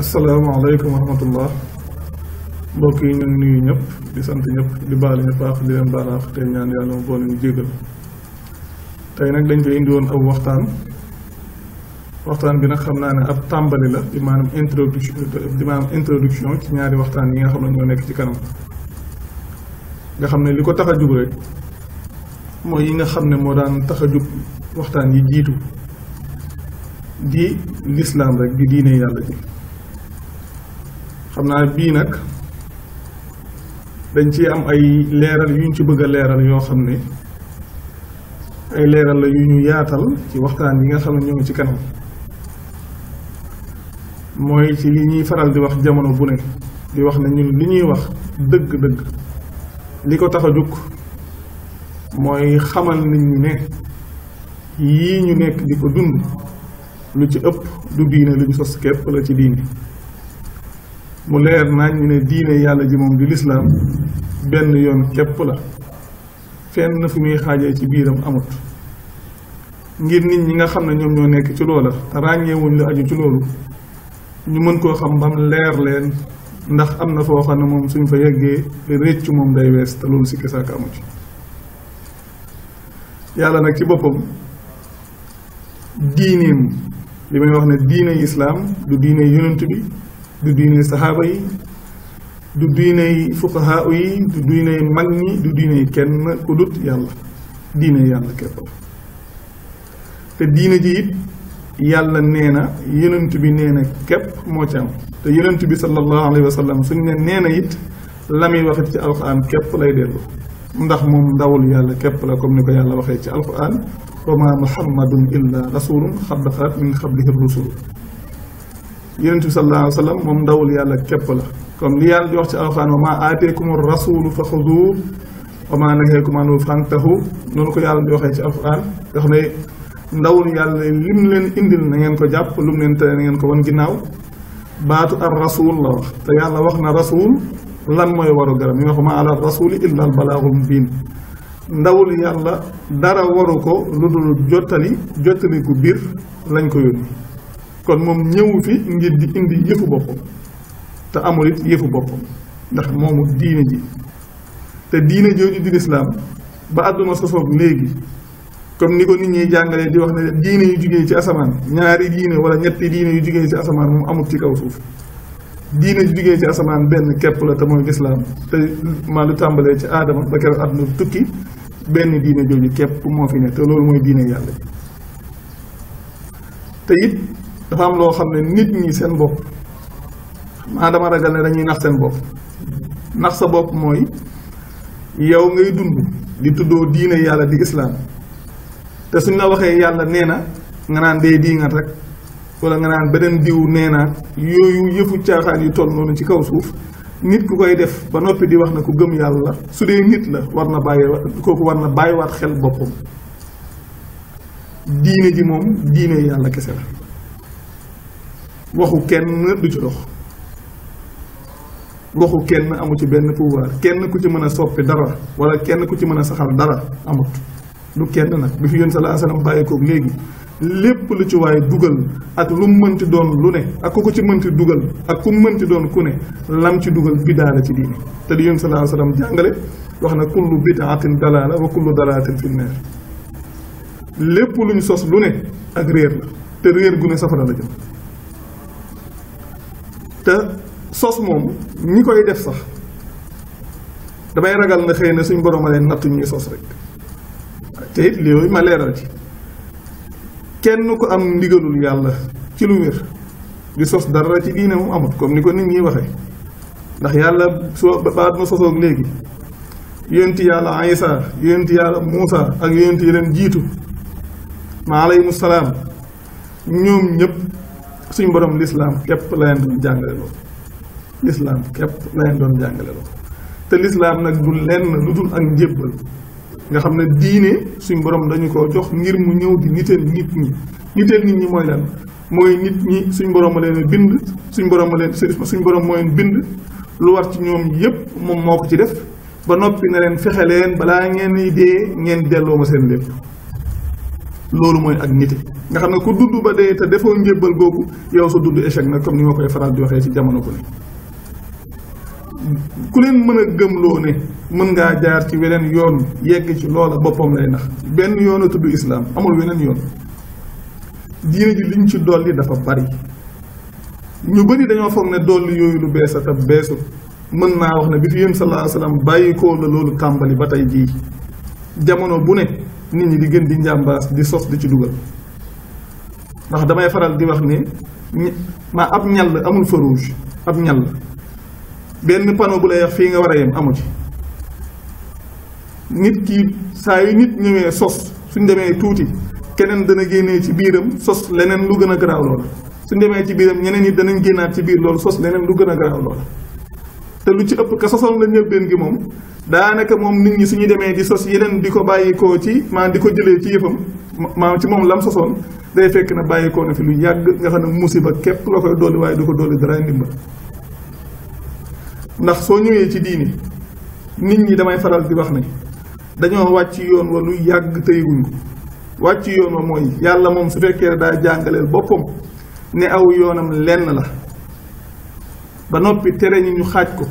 asalaamaaleykum wa rahmatullah mbokk yi ñu ngi nuyu ñëpp di sant ñëpp di baal ñu paax di leen baaraax te ñaan yàlla mu boole ñu jégal tey nag dañ koy indiwoon woon aw waxtaan waxtaan bi nag xam naa ne ab tàmbali la di maanaam introduction di maanaam introduction ci ñaari waxtaan yi nga xam ne ñoo nekk ci kanam nga xam ne li ko tax a jug rek mooy yi nga xam ne moo daan tax a jug waxtaan yi jiitu di lislaam rek di diine yàlla ji xamna bi nak dañ ci am ay leral yuñ ci bëgg leral yo xamne ne ay leral la yu yaatal ci waxtaan yi nga xamne ñu ngi ci kanam moy ci li ñi faral di wax jamono bu ne di wax na ñun li ñi wax deug deug liko ko juk moy xamal nit ñi ne yi ñu nekk di ko dund lu ci ëpp du diine lu ci sos képp la ci diine mu leer naa ñu ne diine yàlla ji moom di lislaam benn yoon képp la fenn fu muy xaajee ci biiram amut ngir nit ñi nga xam ne ñoom ñoo nekk ci loola ràññeewuñ la aju ci loolu ñu mën koo xam bam leer leen ndax am na foo xam ne moom suñ fa yeggee réccu moom day wees te loolu sikki saaka amu ci yàlla nag ci boppam diineem li may wax ne diine islaam lu diine yonent bi du diiney saxaaba yi du diiney fuqahaa yi du diiney mag ñi du diiney kenn ku dut yàlla diine yàlla képp la te diine ji it yàlla nee na yonent bi nee na képp moo ci am te yonent bi sallallahu alayhi wa sallam suñ ne nee na it la muy waxit ci alquran képp lay dellu ndax moom ndawul yàlla képp la comme ni ko yàlla waxee ci alquran wa ma muhammadun illa rasulun xad xalat min qablihi rusul yonent bi sallallahu alayhi wa sallam moom ndawul yàlla képp la comme li yàlla di wax ci alxuraan wa maa aateekum rasulu fa xuduuhu wa maa naheekum anhu fantahu noonu ko yàlla di waxee ci alxuraan nga xam ne ndawul yàlla lim leen indil na ngeen ko jàpp lu mu leen tere na ngeen ko wan ginnaaw baatu ar rasul la wax te yàlla wax na rasul lan mooy waru garam mi nga xam ma ala rasuli illa al balaagul mubiin ndawul yàlla dara waru ko lu dul jottali jottali gu lañ ko yónni kon moom ñëwu fi ngir di indi yëfu boppam te amul it yëfu boppam ndax moomu diine ji te diine jooju di lislaam ba àdduna sosoog léegi kon ni ko nit ñi jàngalee di wax ne diine yu jugee ci asamaan ñaari diine wala ñetti diine yu jugee ci asamaan moom amut ci kaw suuf diine ju jugee ci asamaan benn kepp la te mooy lislaam te maa lu tàmbalee ci aadama ba keroog àdduna tukki benn diine jooju képp moo fi ne te loolu mooy diine yàlla te it dafa am loo xam ne nit ñi seen bopp maa dama ragal ne dañuy nax seen bopp nax sa bopp mooy yow ngay dund di tuddoo diine yàlla di islaam te suñ la waxee yàlla nee na nga naan dee diingat rek wala nga naan beneen diw nee na yooyu yëfu caaxaan yu toll noonu ci kaw suuf nit ku koy def ba noppi di wax na ku gëm yàlla su dee nit la war na bàyyi kooku war na bàyyiwaat xel boppam diine ji moom diine yàlla kese la waxu kenn du ci dox waxu kenn amu ci benn pouvoir kenn ku ci mën a soppi dara wala kenn ku ci mën a saxal dara amut du kenn nag bi fi yoon salaa salaam bàyyi kook léegi lépp lu ci waay dugal ak lu mënti doon lu ne ak ku ko ci mënti dugal ak ku mënti doon ku ne lam ci dugal bidaa la ci diine te di yoon salaa jàngale wax na kullu bidaatin dalaala wa kullu dalaatin fi naar lépp luñ sos lu ne ak réer la te réer gu ne safara la jëm te sos moom ñi koy def sax damay ragal na xëy na suñ borom a leen natt ñuy sos rek te it li yooyu ma leeral ci kenn ku am ndigalul yàlla ci lu wér di sos dara ci diine moom amut comme ni ko nit ñi waxee ndax yàlla soo baat ma sosoog léegi yonenti yàlla Isa yonenti yàlla Muusa ak yonenti yi leen jiitu ma aleyhimu salaam ñoom ñëpp suñ borom l'islam kep la leen doon jàngale loolu l'islam kep la leen doon jàngale lo te l'islam nak du lenn lu ak njébbal nga xam ne diine suñ borom dañu ko jox ngir mu ñëw di nitel nit ñi nitel nit ñi moy lan moy nit ñi suñ borom ma leen bind suñ borom ma leen suñ borom moy leen bind lu war ci ñoom yépp moom moo ko ci def ba noppi na leen fexe leen balaa ngeen dee ngeen delloo ma seen lépp loolu mooy ak nite nga xam ne ku dund ba dee te defoo njébbal googu yow sa dund échec na ko ni ma koy faral di waxee ci jamono ku leen mën a gëmloo ne mën ngaa jaar ci weneen yoon yegg ci loola boppam lay nax benn yoon a tudd islaam amul weneen yoon diine ji liñ ci dolli dafa bari ñu bari dañoo foog ne dolli yooyu lu bees a tab beesul mën naa wax ne bi fi yéen sallallahu alayhi wa sallam la loolu tàmbali ba tey jii jamono bu ne nit ñi di gën di njàmbaas di sos di ci dugal ndax damay faral di wax ni ma ab ñal amul feu rouge ab ñal benn panneau bu la wax fii nga war a yem amu ci nit kii saa yu nit ñëwee sos suñ demee tuuti keneen dana génnee ci biiram sos leneen lu gën a garaaw loola suñ demee ci biiram ñeneen ñi danañ génnaat ci biir loolu sos leneen lu gën a garaaw loola te lu ci ëpp ka sosoon la njëlbeen gi moom daanaka moom nit ñi suñu demee di sos yeneen di ko bàyyikoo ci maanaam di ko jëlee ci yëfam maanaam ci moom lam sosoon day fekk na bàyyikoo na fi lu yàgg nga xam ne musiba képp nga koy dolli waaye du ko dolli dara ndimbal ndax soo ñëwee ci diini nit ñi damay faral di wax ne dañoo wàcc yoon wa lu yàgg tëyguñ ko wàcc yoon wa mooy yàlla moom su fekkee daa jàngaleel boppam ne aw yoonam lenn la ba noppi tere ñu ñu xaaj ko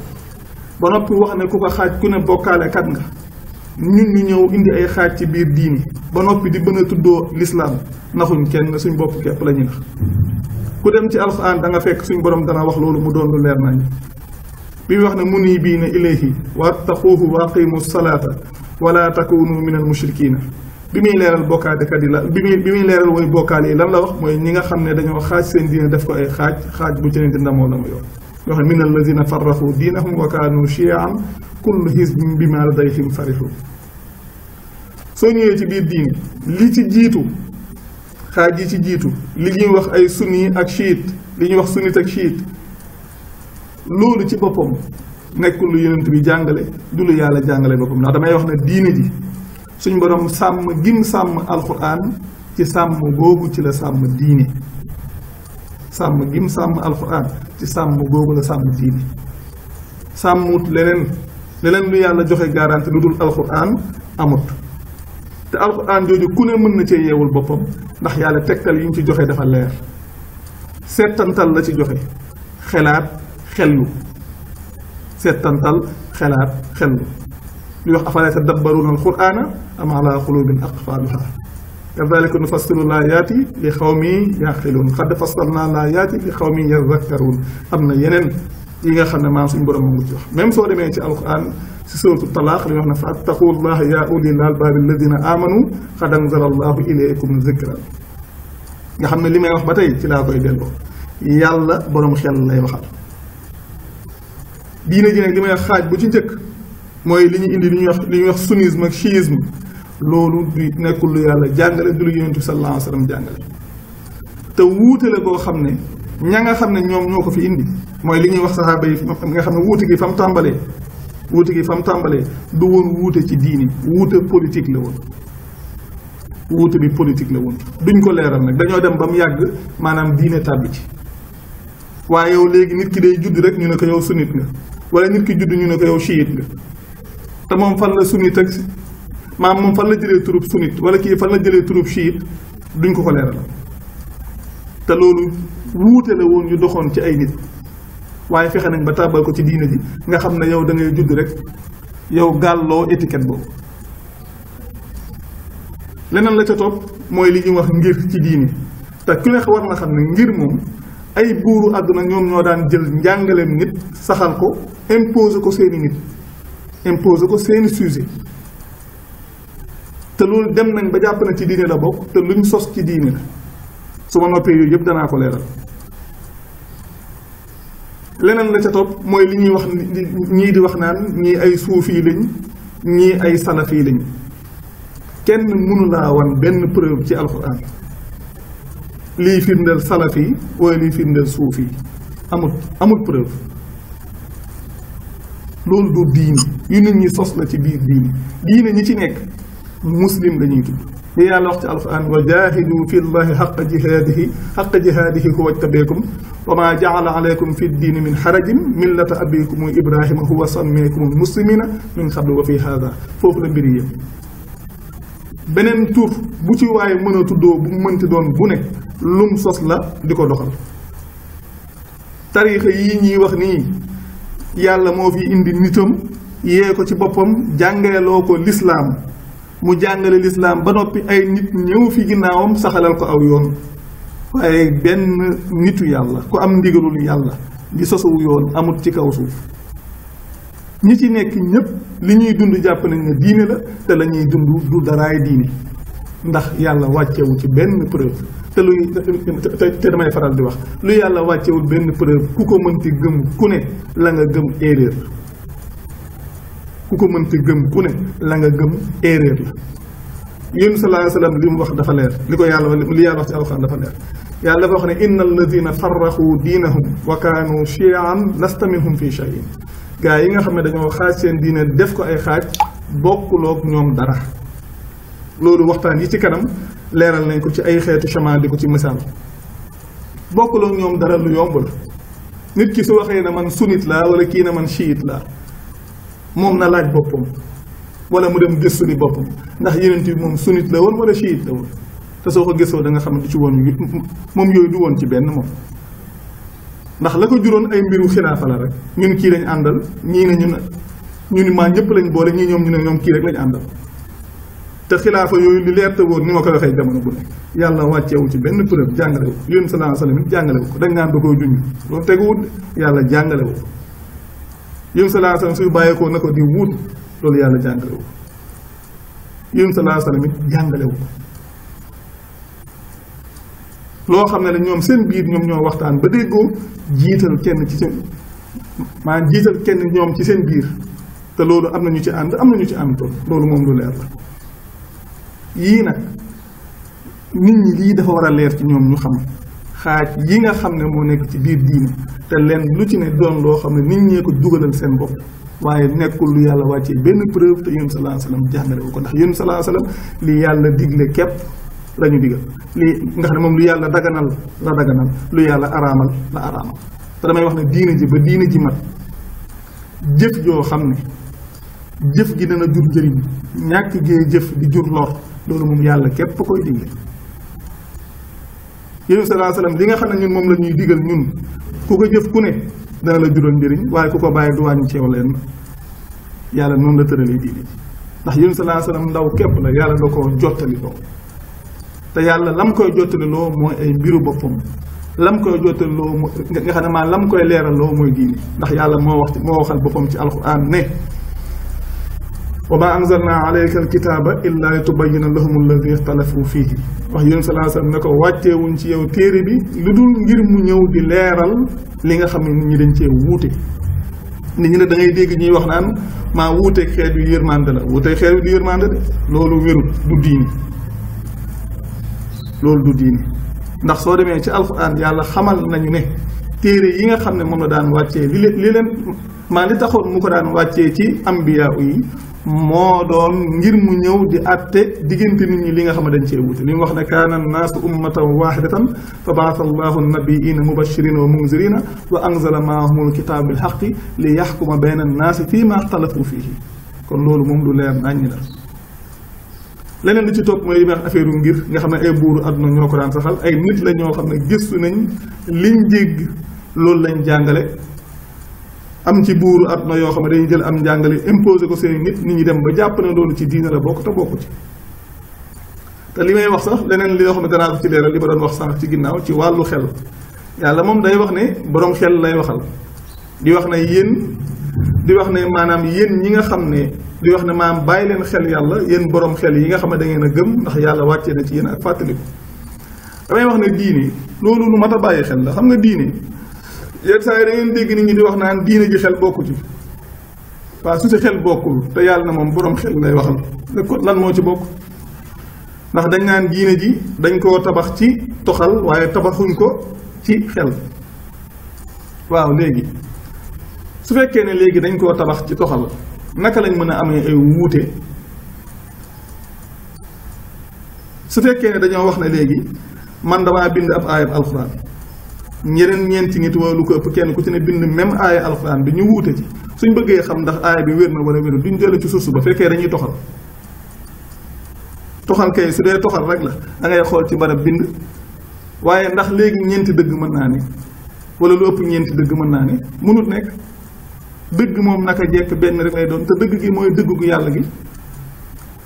ba noppi wax ne ku ko xaaj ku ne bokkaale kat nga ñun ñu ñëw indi ay xaaj ci biir diini ba noppi di bëgg a tuddoo lislaam naxuñ kenn suñ bopp képp la ñu nax ku dem ci alxuraan da nga fekk suñ borom dana wax loolu mu doon lu leer nañ bi wax ne muniibiina ilayhi wattaquuhu wa aqimu salaata wala takunu min al mushrikiina bi muy leeral bokkaalekat yi la bi muy bi muy leeral woy bokkaale yi lan la wax mooy ñi nga xam ne dañoo xaaj seen diine def ko ay xaaj xaaj bu ci ne di ndamoo yoo xam ne min allazina farraxu diinahum wa kaanu chiaan kullu hizbin bima ladayhim farixu soo ñëwee ci biir diine li ci jiitu xaaj yi ci jiitu li ñuy wax ay sunni ak chiit li ñuy wax sunnit ak chiit loolu ci boppam nekkul lu yonent bi jàngale du lu yàlla jàngale boppam ndax damay wax ne diine ji suñ borom sàmm gim sàmm alquran ci sàmm googu ci la sàmm diine sàmm gim sàmm alquran ci sàmm googu la sàmm diine sàmmut leneen leneen lu yàlla joxe garanti lu dul alquran amut te alquran jooju ku ne mën na cee yeewul boppam ndax yàlla tegtal yi ñu ci joxe dafa leer seetantal la ci joxe xelaat xellu seetantal xelaat xellu li wax afalee tadabbaruuna alqurana am ala qulubin aqfaaluha كذلك نفصل الآيات لقوم يعقلون قد فصلنا الآيات لقوم يذكرون أمنا ينن ييغا خا نما سون بروم موتي واخ ميم سو ديمي سي القران سي سوره الطلاق لي واخنا فاتقوا الله يا اولي الالباب الذين امنوا قد انزل الله اليكم ذكرا nga xamne limay wax batay ci la koy delo yalla borom xel lay waxal bi na jine limay xaj bu ci ñeuk moy li ñu indi li ñu wax li ñu wax sunnisme ak shiisme loolu du nekkul lu yàlla jàngale du lu yonent bi sallallahu alayhi wa sallam jàngale te wuutale boo xam ne ña nga xam ne ñoom ñoo ko fi indi mooy li ñuy wax saxaaba yi nga xam ne wuute gi fa mu tàmbalee wuute gi fa mu tàmbalee du woon wuute ci diini wuute politique la woon wuute bi politique la woon duñ ko leeral nag dañoo dem ba mu yàgg maanaam diine tàbbi ci waaye yow léegi nit ki day judd rek ñu ne ko yow sunnit nga wala nit ki judd ñu ne ko yow te moom fan la sunnit ak maam moom fan la jëlee turub sunnit wala kii fan la jëlee turub chiite duñ ko ko leeral te loolu wuute la woon ñu doxoon ci ay nit waaye fexe nañ ba tàbbal ko ci diine ji nga xam ne yow da ngay judd rek yow gàlloo étiquette boobu leneen la ca topp mooy li ñuy wax ngir ci diine te ku ne war na xam ne ngir moom ay buuru àdduna ñoom ñoo daan jël njàngaleem nit saxal ko imposer ko seeni nit imposer ko seeni sujet te loolu dem nañ ba jàpp na ci diine la bokk te lu ñu sos ci diine la su noppee yooyu yëpp danaa ko leeral leneen la ca topp mooy li ñuy wax ñii di wax naan ñii ay suufi lañ ñii ay salafi lañ kenn mënu laa wan benn preuve ci alxuraan lii firndeel salafi wala lii firndeel suufi amul amul preuve loolu du diine yu nit ñi sos la ci biir diine diine ñi ci nekk مسلم يا الله على وقت القرآن وجاهدوا في الله حق جهاده حق جهاده هو اتبعكم وما جعل عليكم في الدين من حرج ملة أبيكم إبراهيم هو سميكم المسلمين من قبل وفي هذا فوق البرية بنن توف بوتي واي منو تدو بمن تدون بني لوم سوس لا ديكو دوخال تاريخ يي ني واخ ني يالا مو في اندي نيتام ييكو سي بوبام جانغيلوكو الاسلام mu jàngale lislaam ba noppi ay nit ñëw fi ginnaawam saxalal ko aw yoon waaye benn nitu yàlla ku am ndigalul yàlla di sosuwu yoon amut ci kaw suuf ñi ci nekk ñépp li ñuy dund jàpp nañ ne la te lañuy ñuy dund du daraay diine ndax yàlla wàccewu ci benn preuve te luy te damay faral di wax lu yàlla wàccewul benn preuve ku ko mënti gëm ku ne la nga gëm erreur ku ko mënti gëm ku ne la nga gëm erreur la yéen sallallahu alayhi li mu wax dafa leer li ko yàlla li yàlla wax ci alxuraan dafa leer yàlla dafa wax ne na alladina farraxu diinahum wa kaanu chiaan lasta minhum fii cheyin gaa yi nga xam ne dañoo xaaj seen diine def ko ay xaaj bokkuloog ñoom dara loolu waxtaan yi ci kanam leeral nañ ko ci ay xeetu chemin di ko ci misaal bokkuloog ñoom dara lu yomb la nit ki su waxee ne man sunit laa wala kii ne man chiit laa moom na laaj boppam wala mu dem gëstu li boppam ndax yeneen bi moom sunnit la woon wala chiite la woon te soo ko gëstoo da nga xam ne du ci woon moom yooyu du woon ci benn moom ndax la ko juróon ay mbiru xilaafa la rek ñun kii lañ àndal ñii ne ñun ñu ni maa yëpp lañu boole ñii ñoom ñu ne ñoom kii rek lañ àndal te xilaafa yooyu li leer woon ñu ni ma ko waxee jamono bu nekk yàlla wàcceewu ci benn preuve jàngalewu ko yónni sallallahu alayhi wa sallam jàngalewu ko dañ naan yàlla jàngalewu ko yéen sa laasalam suy bàyyeekoo na ko di wuut loolu yàlla jàngale wu yéen sa laasalam it jàngale loo xam ne la ñoom seen biir ñoom ñoo waxtaan ba déggoo jiital kenn ci seen maa jiital kenn ñoom ci seen biir te loolu am na ñu ci ànd am na ñu ci ànd loolu moom lu leer la yii nag nit ñi lii dafa war a leer ci ñoom ñu xam. xaj yi nga xamne mo nek ci bir diin te len lu ci ne doon lo xamne nit ñe ko duggalal seen bop waye nekul lu yàlla wacce ben preuve te yéen salaa salaam jàngale wu ko ndax yunus sallallahu alayhi wasallam li yàlla digle kep lañu ñu digal li nga xamne mom lu yàlla daganal la daganal lu yàlla aramal la aramal te damay wax ne diina ji ba diina ji mat jëf jo xamne jëf gi dana jur njëriñ ñak gee jëf di jur lor loolu mom yàlla kep koy digle yéen sallallahu alayhi li nga xam ne ñun moom la ñuy digal ñun ku ko jëf ku ne dana la jural njëriñ waaye ku ko bàyyi du wàññi leen yàlla noonu la tëralee diine ndax yéen sallallahu alayhi wa ndaw képp la yàlla la ko jottali loo te yàlla lam koy jottali loo mooy ay mbiru boppam lam koy jottali loo nga xam ne maa lam koy leeraloo mooy diine ndax yàlla moo wax moo waxal boppam ci alquran ne wa maa anzalnaa alayka alkitaaba illaa li tubayyina lahum alladi ixtalafu fii wax yéen salaa sallam ne ko wàcceewuñ ci yow téere bi lu dul ngir mu ñëw di leeral li nga xam ne nit ñi dañ cee wuute nit ñi ne da ngay dégg ñuy wax naan maa wuute xeet yu yërmande la wuute xeet yu yërmande de loolu wérul du diini loolu du diini ndax soo demee ci alquran yàlla xamal nañu ne téere yi nga xam ne moom la daan wàccee li leen li leen maa li taxoon mu ko daan wàccee ci ambiya yi moo doon ngir mu ñëw di àtte diggante nit ñi li nga xam ne dañ cee wuute li mu wax ne kaana annaasu ummatan waahidatan fa baasa allahu nabiyiina mubashirina wa munzirina wa anzala maahumul kitaab bilxaqi li yaxkuma bayna annaasi fii ma fii fiihi kon loolu moom lu leer naññi la leneen li ci topp mooy li may wax ngir nga xam ne ay buuru àdduna ñoo ko daan saxal ay nit la ñoo xam ne gëstu nañ liñ jégg loolu lañ jàngale am ci buuru àdduna yoo xam ne dañuy jël am njàngale imposé ko seen nit nit ñi dem ba jàpp ne loolu ci diina la bokk te bokk ci te li may wax sax leneen li yoo ne danaa ci leeral li ma doon wax sànq ci ginnaaw ci wàllu xel yàlla moom day wax ne borom xel lay waxal di wax na yéen di wax ne maanaam yéen ñi nga xam ne di wax ne maanaam bàyyi leen xel yàlla yéen borom xel yi nga xam ne da ngeen a gëm ndax yàlla wàccee na ci yéen ak fàttaliku. damay wax ne diine loolu lu mat a bàyyi xel la xam nga diine yenn saa yi da ngeen dégg nit ñi di wax naan diine ji xel bokku ci waaw su si xel bokkul te yàlla na moom borom xel lay waxal kon lan moo ci bokk. ndax dañ naan diine ji dañ koo tabax ci toxal waaye tabaxuñ ko ci xel waaw léegi su fekkee ne léegi dañ koo tabax ci toxal naka lañ mën a amee ay wuute su fekkee ne dañoo wax ne léegi man damaa bind ab aayab alxuraan ñeneen ñeenti nit wala lu ko ëpp kenn ku ci ne bind même aaya alxuraan bi ñu wuute ci suñ bëggee xam ndax aaya bi wér na wala wér duñ dellu ci suuf ba fekkee dañuy toxal toxal kay su dee toxal rek la da ngay xool ci barab bind waaye ndax léegi ñeenti dëgg mën naa ne walla lu ëpp ñeenti dëgg mën naa ne mënut nekk dëgg moom naka jekk benn rek lay doon te dëgg gi mooy dëgg gu yàlla gi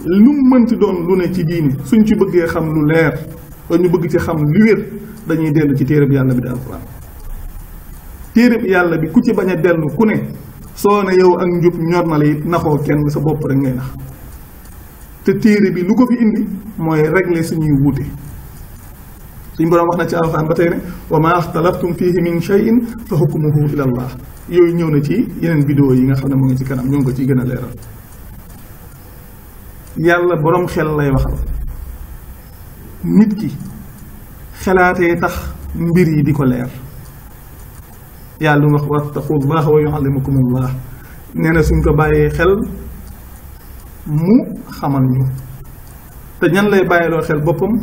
lu mu mënti doon lu ne ci diini suñ ci bëggee xam lu leer te ñu bëgg ci xam lu wér dañuy dellu ci téereb yàlla bi di alxuraan téereb yàlla bi ku ci bañ a dellu ku ne soo ne yow ak njub ñor na la it naxoo kenn sa bopp rek ngay nax te téere bi lu ko fi indi mooy régler suñuy wuute suñ boroom wax na ci alxuraan ba tey ne wa ma axtalaftum fihi in cheyin fa hukmuhu ila allah yooyu ñëw na ci yeneen vidéo yi nga xam ne mu ngi ci kanam ñoo ngi ko ciy gën a leeral yàlla borom xel lay waxal nit ki xelaatee tax mbir yi di ko leer yàlla lu wax wattaqullaha wa yuallimukumullah nee na suñ ko bàyyee xel mu xamal ñu te ñan lay bàyyiloo xel boppam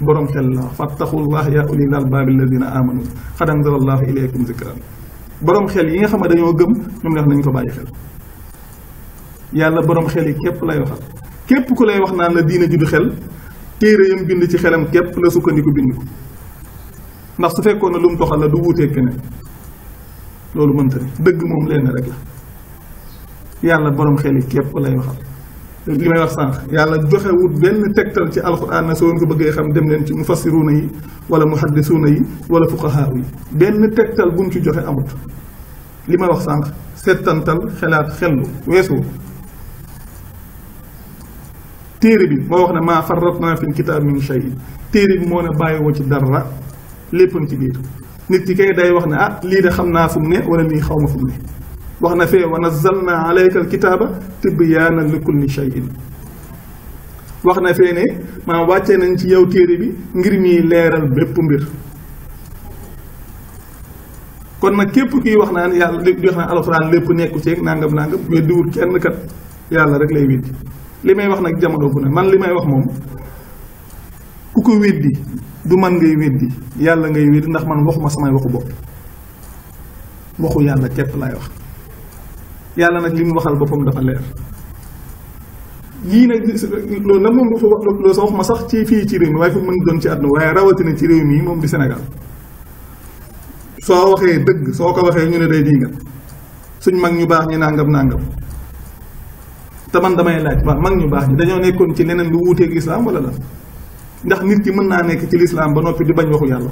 borom xel la wax fattaqullaha ya ulil albaabi alladina amanu xad anzala allahu ilaykum zikran boroom xel yi nga xam ne dañoo gëm ñoom neex nañu ko bàyyi xel yàlla boroom xel yi képp lay waxal képp ku lay wax naan la diina juddu xel téere yam bind ci xelam képp la sukkandiku bind ko ndax su fekkoon ne lu la du wuutee keneen loolu mënta dëgg moom lenn rek la yàlla boroom xel yi képp lay waxal. li may wax sànq yàlla joxewut benn tegtal ci alxuraan na soo ko bëggee xam dem leen ci mufassiruuna yi wala muhaddisuuna yi wala fuqahaa yi benn tegtal bu mu ci joxe amut li may wax sànq settantal xelaat xellu weesu téere bi moo wax ne maa farratna fi kitaab min shay téere bi moo ne bàyyiwoo ci dara léppam ci biir nit ki kay day wax ne ah lii de xam naa fu mu ne wala lii xaw ma fu mu ne واخنا في ونزلنا عليك الكتاب تبيانا لكل شيء واخنا في ني ما واتي نانتي ياو تيري بي غير مي ليرال بيب مير كون نا كيب كي واخنا ان يالا ديك واخنا الفران ليب نيكو سي نانغام نانغام مي دور كين كات يالا رك لاي ويدي لي مي واخ نا جامدو مان لي مي واخ موم كوكو ويدي du man ngay weddi yalla ngay weddi ndax man waxuma samay waxu bop waxu yalla kep lay wax yalla nak limu waxal bopam dafa leer yii nag loolu nag moom fa wax lo sa wax ma sax ci fi ci rew mi way fu mën doon ci aduna àdduna rawati na ci rew mi mom di senegal so waxe deug so ko waxe ñu ne day dinga suñ mag ñu bax ñi nangam nangam te man damay laaj ba mag ñu bax ñi dañu nekkon ci leneen lu wuuteeg islam wala la ndax nit ki mën na nekk ci l'islam ba nopi di bañ waxu yalla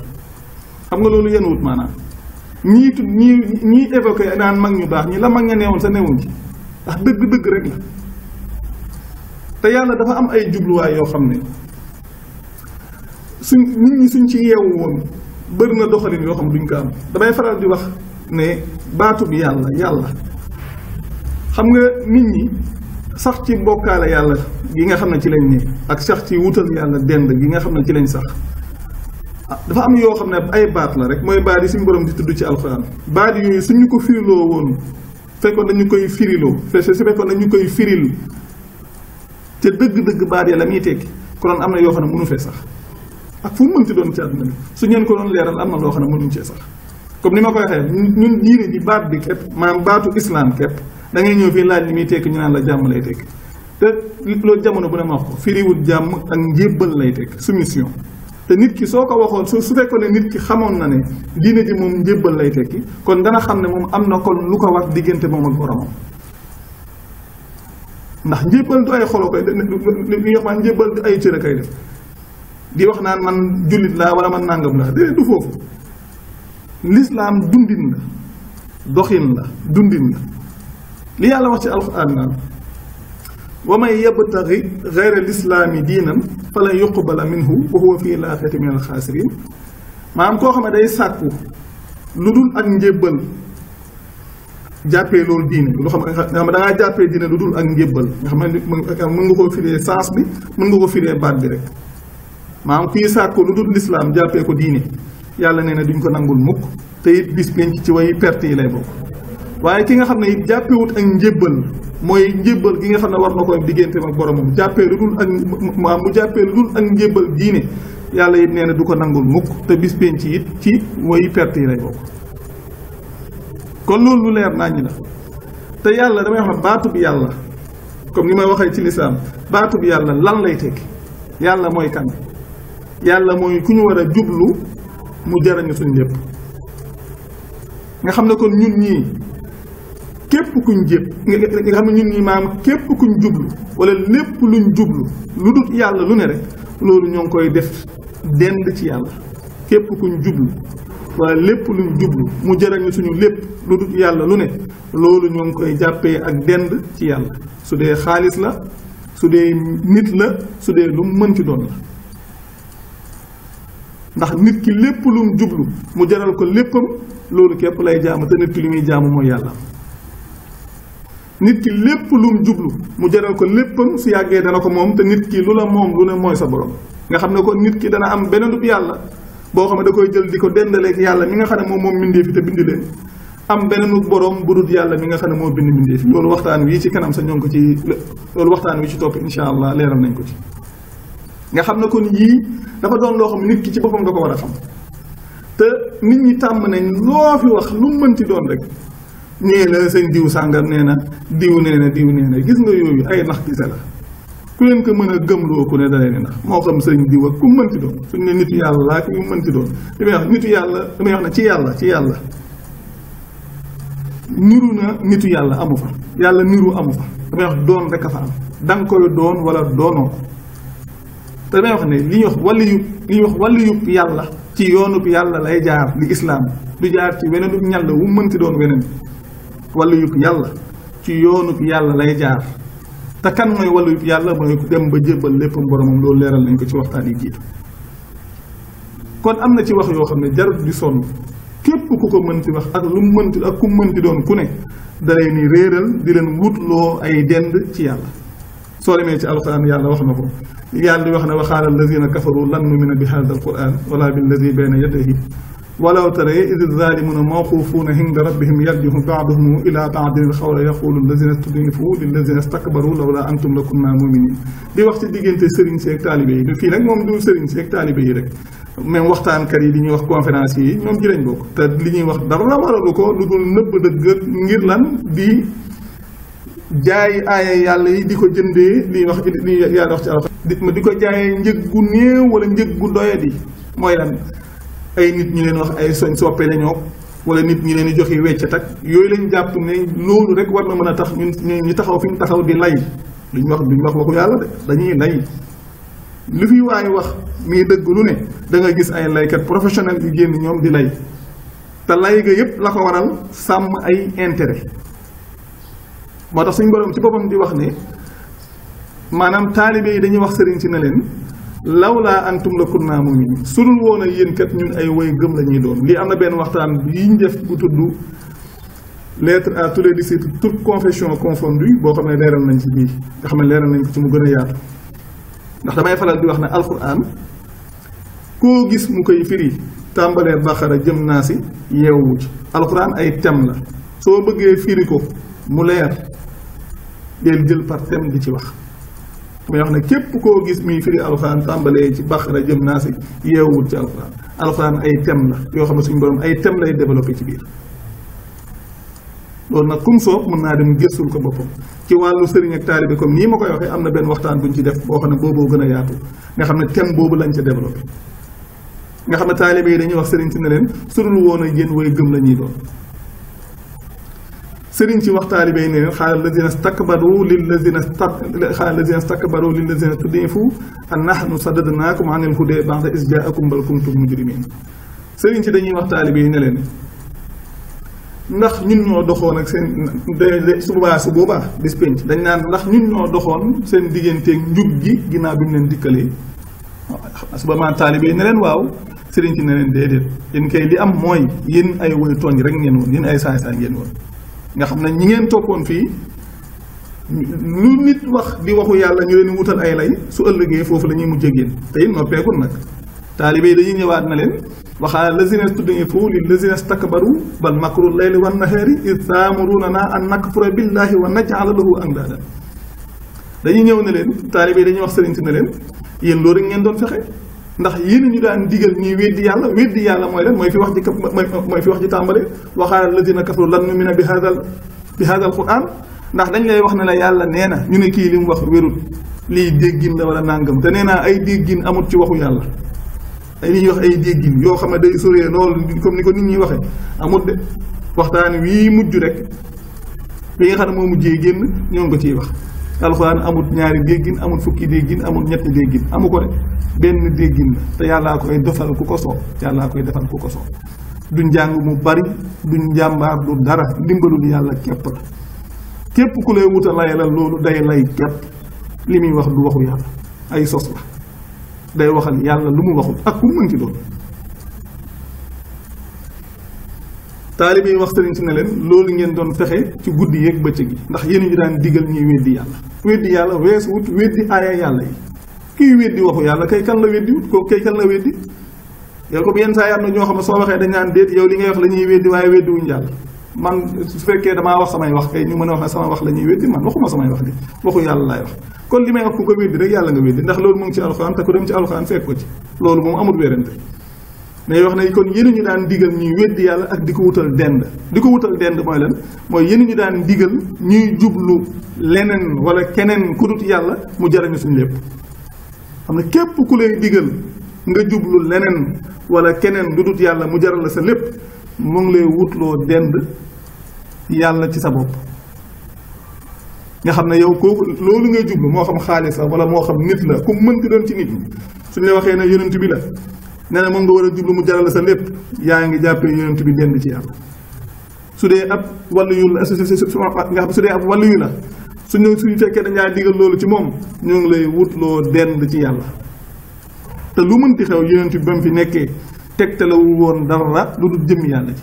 xam nga lolu yenn wut maanaam ñii tudd ñii ñii évoqué naan mag ñu baax ñi la mag ña neewoon sa neewuñ ci ndax dëgg-dëgg rek la te yàlla dafa am ay jubluwaay yoo xam ne suñ nit ñi suñ ci yeewu woon bëri na doxalin yoo xam ne duñ ko am damay faral di wax ne baatub yàlla yàlla xam nga nit ñi sax ci bokkaale yàlla gi nga xam ne ci lañ ne ak sax ci wutal yàlla dend gi nga xam ne ci lañ sax dafa am yo xamne ay baat la rek moy baat yi suñu borom di tuddu ci alquran baat yooyu suñu ko firiloo woon fekkoon nañu koy firiloo fekk su fekkoon nañu koy firil te deug deug baat ya la muy tekki kon am na yoo xam mënu sax ak fu mënti don ci aduna bi su ngeen ko don leral amna lo xamne xam ci sax comme nima ma ko ñun diine di baat bi kep maanaam baatu islam kep da ngay ñew fi laaj li muy ñu naan la jamm lay tek te lo jamono bu ne mako firiwul jamm ak njébbal lay tekki soumission te nit ki soo ko waxoon su su fekkoon ne nit ki xamoon na ne diine ji moom njébbal lay tekki kon dana xam ne moom am na kon lu ko war diggante moom ak boromam ndax njébbal du ay xolo koy li wax ay cër a koy def di wax naan man jullit laa wala man nàngam laa déedéet du foofu lislaam dundin la doxin la dundin la li yàlla wax ci alxuraan naan ومن يبتغي غير الاسلام دينا فلا يقبل منه وهو في الاخره من الخاسرين ما ام كو خما داي ساكو لودول اك نجيبل جابي لول دين لو خما دا جابي دين لودول اك نجيبل خما من نغو فيلي سانس بي من نغو فيلي باد بي رك ما ام كي ساكو لودول الاسلام جابي كو ديني يالا نينا دنجو نانغول موك تايت بيس بنتي تي واي بيرتي لاي بوك waaye ki nga xam ne it jàppewut ak njébbal mooy njébbal gi nga xam ne war na ko diggante ak boromam jàppee lu dul ak mu jàppee lu ak njébbal diine yàlla it nee na du ko nangul mukk te bis penc it ci mooy perte rek lay kon loolu lu leer naññ la te yàlla damay wax ne baatu yàlla comme ni may waxee ci lislaam baatu bi yàlla lan lay tekki yàlla mooy kan yàlla mooy ku ñu war a jublu mu jarañu suñ lépp nga xam ne kon ñun ñii képp kuñ jépp nga xam ne ñun ñi maam képp kuñ jublu wala lépp luñ jublu lu yàlla lu ne loolu ñoo ngi koy def dend ci yàlla képp kuñ jublu wala lépp luñ jublu mu jëriñu suñu lépp lu dut yàlla lu ne loolu ñoo ngi koy jàppee ak dend ci yàlla su dee xaalis la su dee nit la su dee lu mu mën ci doon la ndax nit ki lépp lu mu jublu mu jaral ko léppam loolu képp lay jaamu te nit ki li muy jaamu mooy yàlla nit ki lépp lum jublu mu jaral ko léppam si yàggee dana ko moom te nit ki lu la moom lu ne mooy sa borom nga xam ne kon nit ki dana am beneen dub yàlla boo xam ne da koy jël di ko dendaleeg yàlla mi nga xam ne moom moom mbindee fi bindi am beneen borom bu yàlla mi nga xam ne moo bind mbindee fi loolu waxtaan wi ci kanam sa ñoo ko ci loolu waxtaan wi ci topp incha allah leeral nañ ko ci nga xam ne ko nit yii dafa doon loo xam nit ki ci boppam da ko war a xam te nit ñi tàmm nañ loo fi wax lu mu mënti doon rek nee na sëñ diw sàngar nee na diw nee na diw nee na gis nga yooyu ay nax gise la ku leen ko mën a gëmloo ku ne dalee ne ndax moo xam sëñ diw ak ku mu mënti doon suñ ne nitu yàlla laa ku mënti doon li may yàlla li may ci yàlla ci yàlla na nitu yàlla amu yàlla niru amu fa damay wax doon rek a doon wala doonoo wax ne li ñuy wax wàllu yub li ñuy wax wàllu yub yàlla ci yoonub yàlla lay jaar li islaam du jaar ci weneenub ñàll wu mënti doon weneen wala yub yàlla ci yoonu yàlla lay jaar te kan mooy wala yub yàlla mooy ku dem ba jébbal léppam boromam loolu leeral nañ ko ci waxtaan yi jiitu kon am na ci wax yoo xam ne jarut di sonn képp ku ko mënti wax ak lu mu mënti ak ku mënti doon ku ne da lay ni réeral di leen wutloo ay dend ci yàlla soo demee ci alquran yàlla wax na ko yàlla di wax ne waxaala alladina kafaru lan numina bi hada alquran wala billadi bayna yadayhi ولو ترى إذ الظالمون موقوفون عند ربهم يرجه بعضهم إلى بعض الخول يقول الذين استضعفوا للذين استكبروا لولا أنتم لكنا مؤمنين. دي وقت ديجنت سيرين سيك طالبي دي في نك دول سيرين سيك طالبي رك من وقت عن كري دي وقت كونفرنسي موم دي بوك تا لي ني وقت دارو لا مارو دوكو لودول نيب دغ غير لان دي جاي آية يالله دي كو جندي لي وقت لي يا وقت ديما ديكو جاي نيغو نيو ولا نيغو دويا دي موي لان ay nit ñu leen wax ay soñ soppe lañoo wala nit ñi leen di joxe weccat ak yooyu lañ jàpp ne loolu rek war na mëna tax ñun ñu taxaw fi taxaw di lay duñ wax duñ wax waxu yalla de dañuy lay lu fi waaye wax mi dëgg lu ne da nga gis ay laykat professionnel yu génn ñom di lay ta lay ga yépp la ko waral sam ay intérêt motax suñu borom ci bopam di wax ne manam talibé dañuy wax sëriñ ci na leen lawlaa antum la kunnaa mu'miniin su dul woon ak yéen ñun ay woy gëm la ñuy doon lii am na benn waxtaan yi ñu def bu tudd lettre à tous les disciples toute confession confondue boo xam ne leeral nañ ci bii nga xam ne leeral nañ ko ci mu gën yaatu ndax damay faral di wax ne alquran koo gis mu koy firi tàmbalee baqara jëm naa yeewu ci alquran ay thème la soo bëggee firi ko mu leer del jël par thème di ci wax muy wax ne képp koo gis muy firi alxuraan tàmbalee ci baqara jëm naa si yeewul ci alxuraan alxuraan ay thème la yoo xam ne suñu borom ay thème lay développé ci biir loolu nag kum soob mën naa dem gëstul ko boppam ci wàllu sëriñ ak taalibe comme nii ma koy waxee am na benn waxtaan bu buñ ci def boo xam ne booboo gën a yaatu nga xam ne tem boobu lañ ca développé nga xam ne taalibe yi dañuy wax sëriñ si ne leen sudul woon a yéen gëm la ñuy doon sëriñ si wax taalibe yi ne leen xaala lazina stakbaru lillazina xaala lazina stakbaru lillazina tudifu an nahnu sadadnaakum an il huda ba'da is jaakum bal dañuy wax taalibe yi ne leen ndax ñun ñoo doxoon ak seen de su boobaa su dañ naan ndax ñun ñoo doxoon seen digganteeg njub gi ginnaaw bi mu leen dikkalee suba maan taalibe yi ne leen waaw sëriñ si ne leen déedéet yéen kay li am mooy yéen ay woy tooñ rek ngeen woon yéen ay saay saay ngeen woon nga xam ne ñi ngeen toppoon fii lu nit wax di waxu yàlla ñu leen wutal ay lay su ëllëgee foofu lañuy ñuy mujj ak yéen te it noppeekul nag taalibe dañuy ñëwaat na leen waxaa lazina stud'ifu li lazina stakbaru bal makru layli wan nahaari id taamuruunana an nakfura billahi wa naj'ala lahu andaadan dañuy ñëw ne leen taalibe yi dañuy wax sëriñ si ne leen yéen loolu ngeen doon fexe ndax yéen ñu daan digal ñuy weddi yàlla weddi yàlla mooy de mooy fi wax ji këpp mooy fi wax ji tàmbale waxaala lazina kafaru lan a bi hadal bi hadal quran ndax dañ lay wax ne la yàlla nee na ñu ne kii li mu wax wérul lii déggin la wala nàngam te nee naa ay déggin amut ci waxu yàlla ay li ñuy wax ay déggin yoo xam ne day soree loolu comme ni ko nit ñi waxee amut de waxtaan wii mujj rek li nga xam ne moo mujjee génn ñoo ngi ko ciy wax alxuraan amut ñaari déggin amut fukki déggin amut ñetti déggin amu ko de benn déggin la te yàllaa koy defal ku ko soob yàllaa koy defal ku ko soob du njàng mu bari du njàmbaar du dara ndimbalul yàlla képp la képp ku lay wut a layalal loolu day lay képp li muy wax du waxu yàlla ay sos la day waxal yàlla lu mu waxul ak ku mu mënti doon taalibe yi wax sëriñ si ne leen loolu ngeen doon fexe ci guddi yeeg bëccëg yi ndax yéen ñu daan digal ñuy weddi yàlla weddi yàlla weesu wut weddi aaya yàlla yi kii weddi waxu yàlla kay kan la weddi wut ko kay kan la weddi yow ko yenn saa yi am ñoo xam ne soo waxee dañ naan déet yow li ngay wax la ñuy weddi waaye weddi wuñ yàlla man su fekkee damaa wax samay wax kay ñu mën a wax ne sama wax la ñuy weddi man waxuma samay wax di waxu yàlla laay wax kon li may wax ku ko weddi rek yàlla nga weddi ndax loolu moom ngi ci alxuraan te ku dem ci alxuraan fekk ko ci loolu moom amul wérante mais wax ne kon yéen ñu daan digal ñuy weddi yàlla di ko wutal dend di ko wutal dend mooy lan mooy yéen ñu daan digal ñuy jublu leneen wala keneen ku dut yàlla mu jarañu suñ lépp xam ne képp ku lay digal nga jublu leneen wala keneen lu dut yàlla mu jaral la sa lépp mu ngi lay wutloo dend yàlla ci sa bopp nga xam ne yow kooku loolu ngay jublu moo xam xaalis la wala moo xam nit la ku mën di doon ci nit ñi suñ la waxee ne yonent bi la nee na moom nga war a jublu mu jaral la sa lépp yaa ngi jàppee yonent bi dend ci yàlla su dee ab wàllu la nga xam su dee ab wàllu yu la su ñëw suñu fekkee dañ laa digal loolu ci moom ñoo ngi lay wutloo dend ci yàlla te lu mënti xew yonent ba mu fi nekkee tegtalewu woon dara lu dul jëm yàlla ci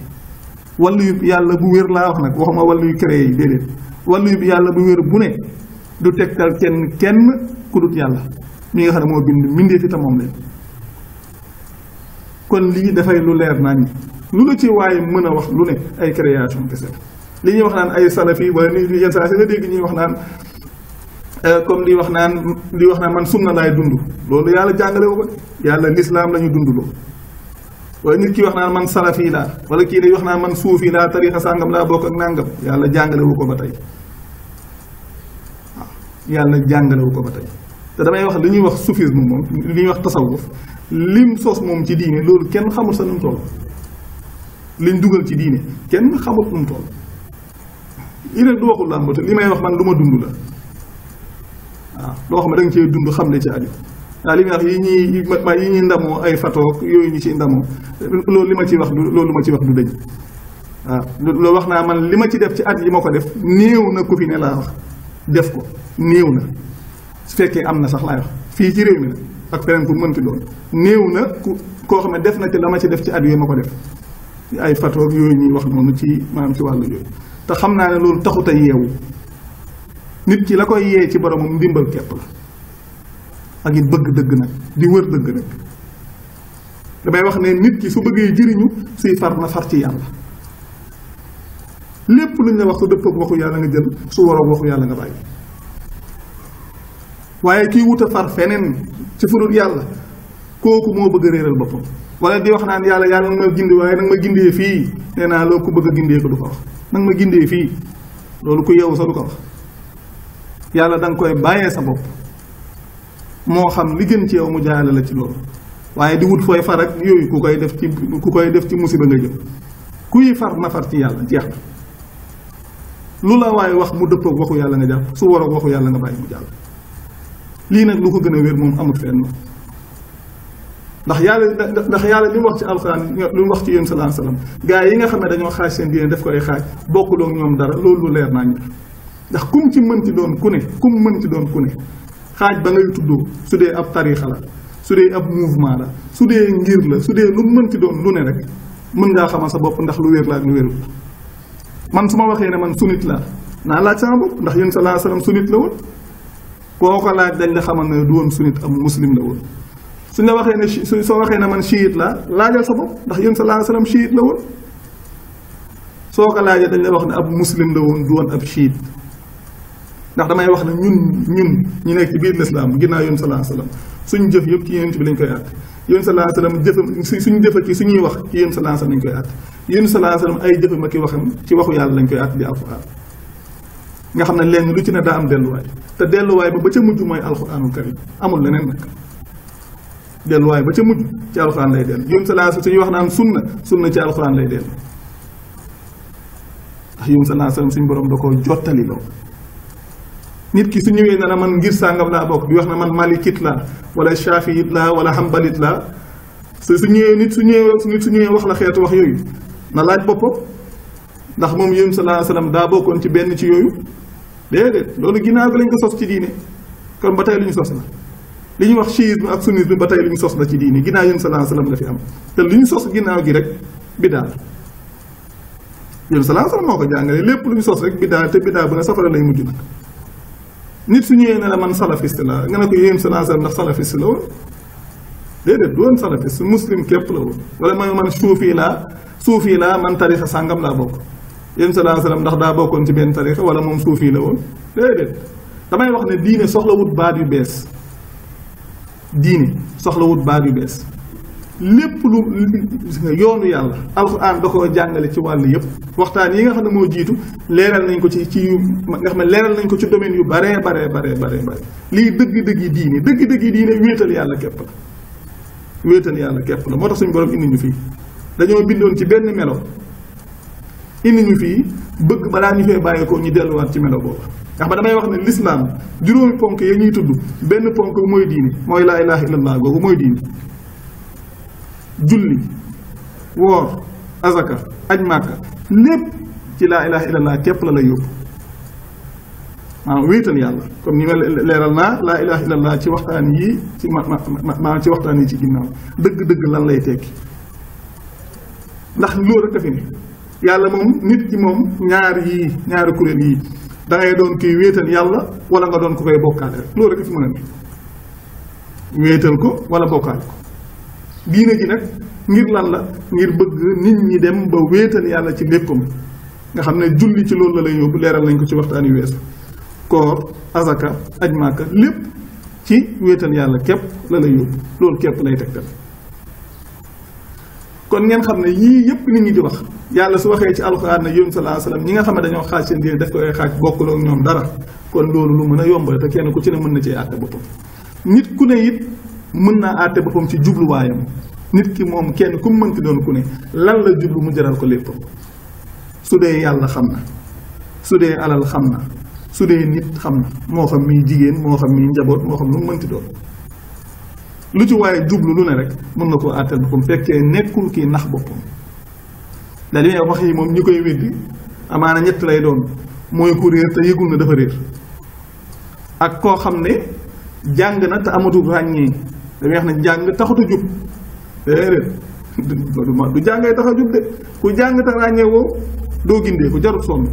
wàllu yu yàlla bu wér laa wax nag waxuma wàllu yu créé yi déedéet wàllu yu yàlla bu wér bu ne du tegtal kenn kenn ku dut yàlla mi nga xam ne bind mbindee fi te moom leen kon lii dafay lu leer naa lu la ci waaye mën a wax lu ne ay création kese li ñuy wax naan ay salafi wala ni yenn saa si nga dégg ñuy wax naan euh, comme li wax naan li wax naan man sunna laay dund loolu yàlla jàngale ko yàlla lislaam la ñu dund loo wala wax naan man salafi laa wala kii day wax naan man suufi laa tarixa sàngam laa bokk nàngam yàlla jàngalewu ko ba tey waaw yàlla jàngale wu te damay wax li ñuy wax soufisme moom li ñuy wax tasawuf lim sos moom ci diine loolu kenn xamul sa nu mu toll liñ dugal ci diine kenn xamut nu mu toll lii du waxul làmb li may wax man lu ma dund la waaw loo xam ne dund xam ne ci aju waaw li wax yi ñuy ma yi ñuy ay fatoog yooyu ñu ci ndamoo loolu li ma ciy wax du loolu ma ci wax du dëñ waaw loolu wax naa man li ma ci def ci at yi ma ko def néew na ku fi ne laa wax def ko néew na su fekkee am na sax laay wax fii ci réew mi la ak feneen ku mënti doon néew na ku koo xam ne def na ci la ma ci def ci at yooyu ma ko def ay fato yooyu ñuy wax noonu ci maanaam ci wàllu yooyu te xam naa ne loolu taxut a yeewu nit ki la koy yee ci boromam ndimbal kepp la ak it bëgg dëgg nag di wër dëgg nag damay wax ne nit ki su bëggee jëriñu suy far na far ci yàlla lépp luñ la wax su dëppook waxu yàlla nga jël su waroog waxu yàlla nga bàyyi waaye kii wut far feneen ci furut yàlla kooku moo bëgg a réeral boppam wala di wax naan yàlla yàlla nag ma gindi waaye nag gindee fii nee naa loo ku bëgg a gindee ko du ko wax nag ma gindee fii loolu ku yeewu sa du ko wax yàlla danga koy bàyyee sa bopp moo xam li gën ci yow mu jaarale la ci loolu waaye di wut fooy far ak yooyu ku koy def ci ku koy def ci musiba nga jëm kuy far na far ci yàlla jeex na lu la waaye wax mu dëppoog waxu yàlla nga jàpp su waroog waxu yàlla nga bàyyi mu jàll lii nag lu ko gën a wér moom amut fenn ndax yàlla ndax yàlla li mu wax ci alxuraan li mu wax ci yéen salaa salaam gars yi nga xam ne dañoo xaaj seen diine def ko ay xaaj bokkul ak ñoom dara loolu lu leer nañu ndax kum ci mënti doon ku ne mën ci doon ku ne xaaj ba ngay tuddoo su dee ab tariixa la su dee ab mouvement la su dee ngir la su dee lu mënti doon lu ne rek mën ngaa xamal sa bopp ndax lu wér la ak lu wérul man su ma waxee ne man sunit laa naa laaj sama bopp ndax yéen sa laa sunit la woon koo laaj dañ la xamal ne du woon sunit am muslim la woon suñ la waxee ne suñ soo waxee ne man chiite la laajal sa bopp ndax yéen sallallahu alayhi wasallam chiite la woon soo ko laajee dañ la wax ne ab muslim la woon du woon ab chiite ndax damay wax ne ñun ñun ñu nekk ci biir lislaam ginnaaw yéen sallallahu alayhi wasallam suñ jëf yëpp ci yéen bi lañ koy àtt yéen sallallahu alayhi wasallam jëfam suñ jëfa ci suñuy wax ci yéen sallallahu alayhi wasallam lañ koy àtt yéen sallallahu alayhi wasallam ay jëfam ak i waxam ci waxu yàlla lañ koy àtt di alquran nga xam ne lenn lu ci ne daa am delluwaay te delluwaay ba ba ca mujj mooy alquranul karim amul leneen nag delluwaay ba ca mujj ci alxuraan lay dellu yum salaa suñuy wax naan sunna sunna ci alxuraan lay dellu ndax yum salaa sallam suñu borom da ko jottali loo nit ki su ñëwee na la man ngir sàngam laa bokk di wax na man malikit la wala shafiit laa wala hambalit la su su ñëwee nit su ñëwee nit su ñëwee wax la xeetu wax yooyu na laaj boppam ndax moom yum salaa sallam daa bokkoon ci benn ci yooyu déedéet loolu ginnaaw bi lañ ko sos ci diine kon ba tey lu ñu sos la li ñuy wax chiisme ak sunnisme ba tey lu ñu sos la ci diini ginnaaw yéen salaa salaam la fi am te lu ñu gi rek bidaa yéen salaa salaam moo ko jàngale lépp lu ñu sos rek bidaa te bidaa bu ne safara lay mujj nag nit su ñëwee ne man salafiste la nga ne ko yéen salaa salaam ndax salafiste la woon déedéet du woon muslim képp la woon wala mooy man suufi laa suufi laa man tarixa sàngam laa bokk yéen salaa salaam ndax daa bokkoon ci benn tarixa wala moom suufi la woon déedéet damay wax ne diine soxlawut baat yu bees soxla soxlawut baat yu bees lépp lu yoonu yàlla alxuraan da koo jàngale ci wàll yëpp waxtaan yi nga xam ne moo jiitu leeral nañ ko ci ci yu nga xam ne leeral nañ ko ci domaine yu baree baree baree baree bare lii dëgg-dëgg yi diine dëgg-dëgg yi diine wéetal yàlla képp la wéetal yàlla képp la moo tax suñu borom indi ñu fii dañoo bindoon ci benn melo indi ñu fii bëgg balaa ngi fee bàyyeekoo ñu delluwaat ci melo boobu nga xam damay wax ne lislaam juróomi ponk ya ñuy tudd benn ponk mooy diine mooy laa ilaha illallah googu mooy diine julli woor azaka aj màkka lépp ci laa ilaha illallah képp la lay yóbbu maanaam wéetal yàlla comme ni ma leeral naa laa ilaha illallah ci waxtaan yi ci ma maanaam ci waxtaan yi ci ginnaaw dëgg-dëgg lan lay tekki ndax loolu rek fi ne yàlla moom nit ki moom ñaar yii ñaari kuréel yii da ngay doon kuy wéetal yàlla wala nga doon ku koy bokkaale rek loolu rek fi mën a wéetal ko wala bokkaale ko diine ji nag ngir lan la ngir bëgg nit ñi dem ba wéetal yàlla ci léppam nga xam ne julli ci loolu la lay yóbbu leeral nañ ko ci waxtaan yu weesu koor azaka lépp ci wéetal yàlla képp la lay yóbbu loolu képp lay tegtal kon ngeen xam ne yii yëpp nit ñi di wax yàlla su waxee ci alxuraan na yón salaa salaam ñi nga xam ne dañoo xaaj seen diine daf koy xaaj bokkuloo ak ñoom dara kon loolu lu mën a yomb te kenn ku ci ne mën na cee àtte boppam nit ku ne it mën naa àtte boppam ci jubluwaayam nit ki moom kenn ku mu mënti doon ku ne lan la jublu mu jaral ko lépp su dee yàlla xam na su dee alal xam na su dee nit xam na moo xam miy jigéen moo xam miy njaboot moo xam lu mu mënti lu ci waaye jublu lu ne rek mën na koo àttal boppam fekkee nekkul kii nax boppam da li wax yi moom ñi koy weddi amaana ñett lay doon mooy ku réer te yëgul na dafa réer ak koo xam ne jàng na te amatul ràññee dañuy wax jàng taxut a jub déedéet du ku jàng te ràññee woo doo gindee ku jarut sonn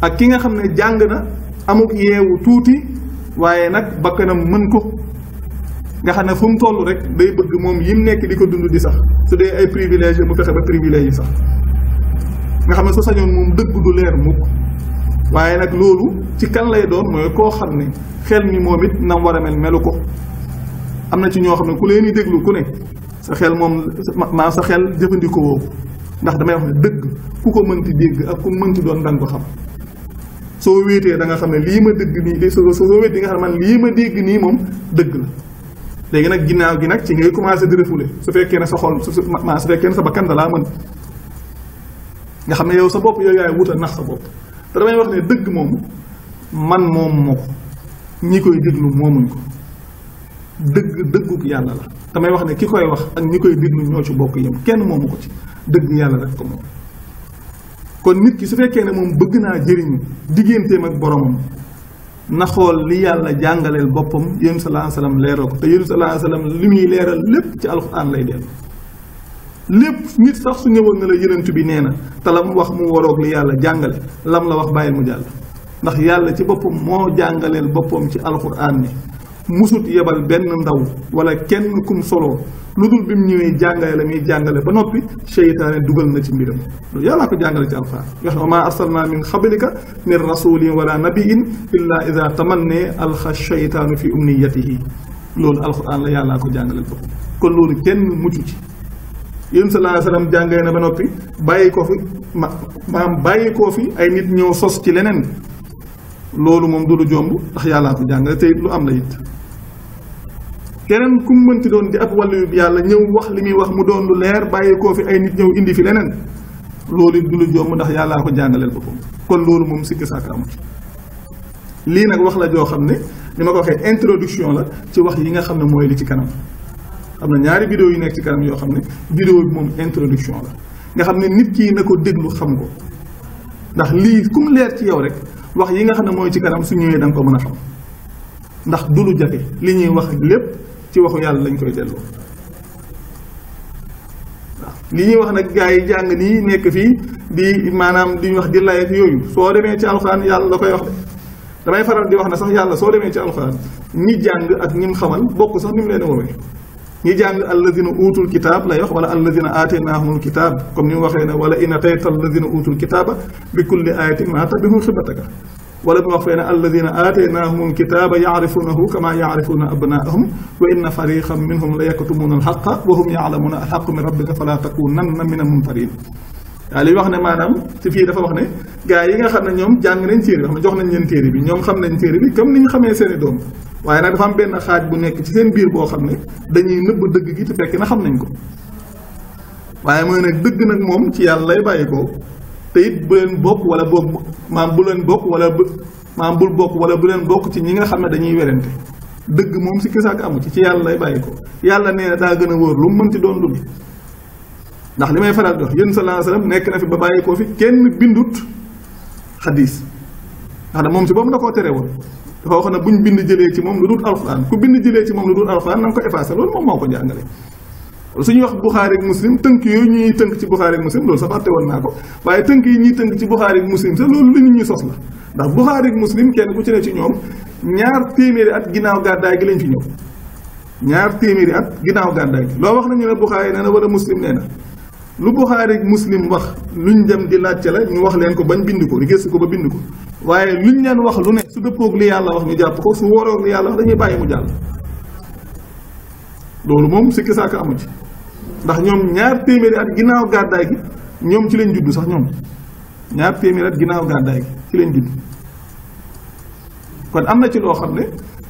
ak ki nga xam ne jàng na amuk yeewu tuuti waaye nag bakkanam mën ko nga xam ne fu mu toll rek day bëgg moom yim nekk di ko dund di sax su dee ay privilège mu fexe ba privilège yi sax nga xam ne su sañoon moom dëgg du leer mukk waaye nag loolu ci kan lay doon mooy koo xam ne xel mi moom it nam war a mel melu ko am na ci ñoo xam ne ku leen di déglu ku ne sa xel moom maa sa xel jëfandikoo woo ndax damay wax ne dëgg ku ko mënti dégg ak ku mënti doon danga ko xam soo wéetee da nga xam ne lii ma dëgg nii soo soo wéet di nga xam ne ma dégg nii moom dëgg la léegi nag ginnaaw gi nag ci ngay commencé di refoulé su fekkee ne sa xol su ma su fekkee ne sa bakkan da laa mën nga xam ne yow sa bopp yow yaay wut nax sa bopp te damay wax ne dëgg moom man moom moo ko ñi koy déglu moomuñ ko dëgg dëgguk yàlla la damay wax ne ki koy wax ak ñi koy déglu ñoo ci bokk yem kenn moomu ko ci dëgg yàlla rek ko moom kon nit ki su fekkee ne moom bëgg naa jëriñu digganteem ak boromam na xool li yàlla jàngaleel boppam yéen salaa salaam leeral ko te yéen salaa salaam li muy leeral lépp ci alxuraan lay dellu lépp nit sax su ñëwoon ne la yonent bi nee na te la mu wax mu waroog li yàlla jàngale lam la wax bàyyil mu jàll ndax yàlla ci boppam moo jàngaleel boppam ci alxuraan ni musut yebal benn ndaw wala kenn kum solo lu dul bi mu ñëwee jàngale la muy jàngale ba noppi seytaane dugal na ci mbiram loolu yàllaa ko jàngale ci alxuraan wax wa maa arsalna min xablika min rasulin wala nabiin illa ida tamanne alxa seytaanu fi umniyatihi loolu alxuraan la yàllaa ko jàngaleel ko kon loolu kenn mucc ci yéen sallallahu alayhi wasallam jàngale na ba noppi bàyyi ko fi ma maam bàyyi koo fi ay nit ñëw sos ci leneen loolu moom du lu jomb ndax yàllaa ko jàngale te lu am la it keneen ku mu mënti doon di ab wàllu yàlla ñëw wax li muy wax mu doon lu leer bàyyi koo fi ay nit ñëw indi fi leneen loolu du lu jomb ndax yàllaa ko jàngaleel boppam kon loolu moom sikki sàkk kanam lii nag wax la joo xam ne ni ma ko waxee introduction la ci wax yi nga xam ne mooy li ci kanam am na ñaari vidéo yu nekk ci kanam yoo xam ne vidéo bi moom introduction la nga xam ne nit kii na ko déglu xam ko ndax lii kum leer ci yow rek wax yi nga xam ne mooy ci kanam su ñëwee da ko mën a xam ndax du jafe li ñuy wax lépp ci waxu yàlla lañ koy delloo waaw li ñuy wax nag gaa yi jàng nii nekk fii di maanaam di ñu wax di lay yooyu soo demee ci alxuraan yàlla la koy wax de damay faral di wax na sax yàlla soo demee ci alxuraan ñi jàng ak ñi mu xamal bokk sax ni mu leen woowee ñi jàng alladina utul kitab lay wax wala alladina aataynahumul kitab comme ni mu waxee wala in atayta alladina utul kitaba bi kulli ayatin ma tabihu xibataka wala mu wax fee ne alladina aataynahumul kitaba ya'rifunahu kama ya'rifuna abnaahum wa inna fariqan minhum la yaktumuna alxaqa wa hum yaalamuna alxaqu min rabbika fala takunanna min al waaw ali wax ne maanaam ci fi dafa wax ne gars yi nga xamne ñom jàng nañ téere wax xam jox nañ leen téré bi ñom xam nañ téré bi comme niñ xamé xamee seen doom waaye nag dafa am benn xaaj bu nekk ci seen biir boo xam ne dañuy nëbb dëgg gi te fekk na xam nañ ko waaye mooy nag dëgg nag moom ci yàlla lay bàyyi ko te bokk wala bokk maam bu leen bokk wala bu maam bul bokk wala bu leen bokk ci ñi nga xam ne dañuy werante dëgg moom si kisaak amu ci ci yàlla lay bàyyi ko yàlla nee na daa gën a wóor lu mu mënti doon dund ndax li may faral di wax yéen sallallahu alayhi wasallam nekk na fi ba bàyyi koo fi kenn bindut xadiis ndax da moom si boobu da koo tere woon dafa wax bu ñu bind jëlee ci moom lu dul alxuraan ku bind jëlee ci moom lu dul alxuraan na nga ko effacé loolu moom moo ko jàngale suñuy wax buxaari ak muslim tënk yooyu ñuy tënk ci buxaari ak muslim loolu sa fàtte woon naa ko waaye tënk yi ñuy tënk ci buxaari ak muslim sax loolu lu nit ñi sos la ndax buxaari ak muslim kenn ku ci ne ci ñoom ñaar téeméeri at ginnaaw gàddaay gi lañ fi ñëw ñaar téeméeri at ginnaaw gàddaay gi loo wax nañu ne buxaari nee na wala muslim nee na lu bukhari muslim wax luñ dem di laajte la ñu wax leen ko bañ bind ko gess ko ba bind ko waye luñ leen wax lu ne su dëppoog li yalla wax ñu japp ko su woro li yalla wax dañuy bayyi mu lolu mom ci kessa ka amu ci ndax ñom ñaar téeméeri at ginaaw gaday gi ñom ci leen judd sax ñom ñaar téeméeri at ginaaw gaday gi ci leen judd kon amna ci lo xamne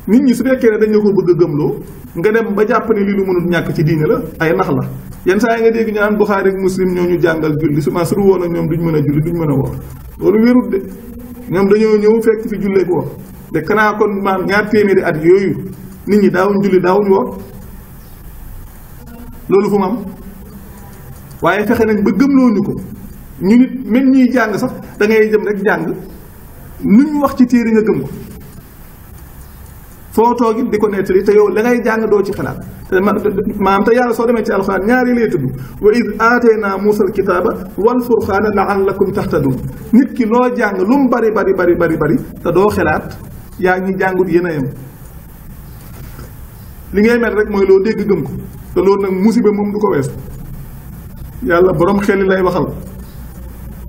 nit ñi su fekkee dañ ko bëgg gëm lo nga dem ba japp ne li lu mënul ñak ci diine la ay nax la yenn saa yi nga dégg ñu naan Buxaari ak Muslim ñoo ñu jàngal julli su ma suru woon ak ñoom duñ mën a julli duñ mën a woor loolu ñoom dañoo ñëw fekk fi jullee ko woor de kon maam ñaar téeméeri at yooyu nit ñi daawuñ julli daawuñ woor loolu fu mu am waaye fexe nañ ba gëmloo ñu ko ñu nit même ñuy jàng sax da ngay jëm rek jàng luñ wax ci téere nga gëm ko foo toogit di ko nettali te yow la ngay jàng doo ci xalaat te maanaam yàlla soo demee ci alxuraan ñaari lay tudd wa id aatayna muusa alkitaaba wal furqaana laallakum tahtadun nit ki loo jàng lu mu bari bari bari bari te doo xalaat yaa ngi jàngut yéen a yem ngay mel rek mooy loo dégg gëm ko te loolu nag musiba moom du ko wees yàlla borom xel lay waxal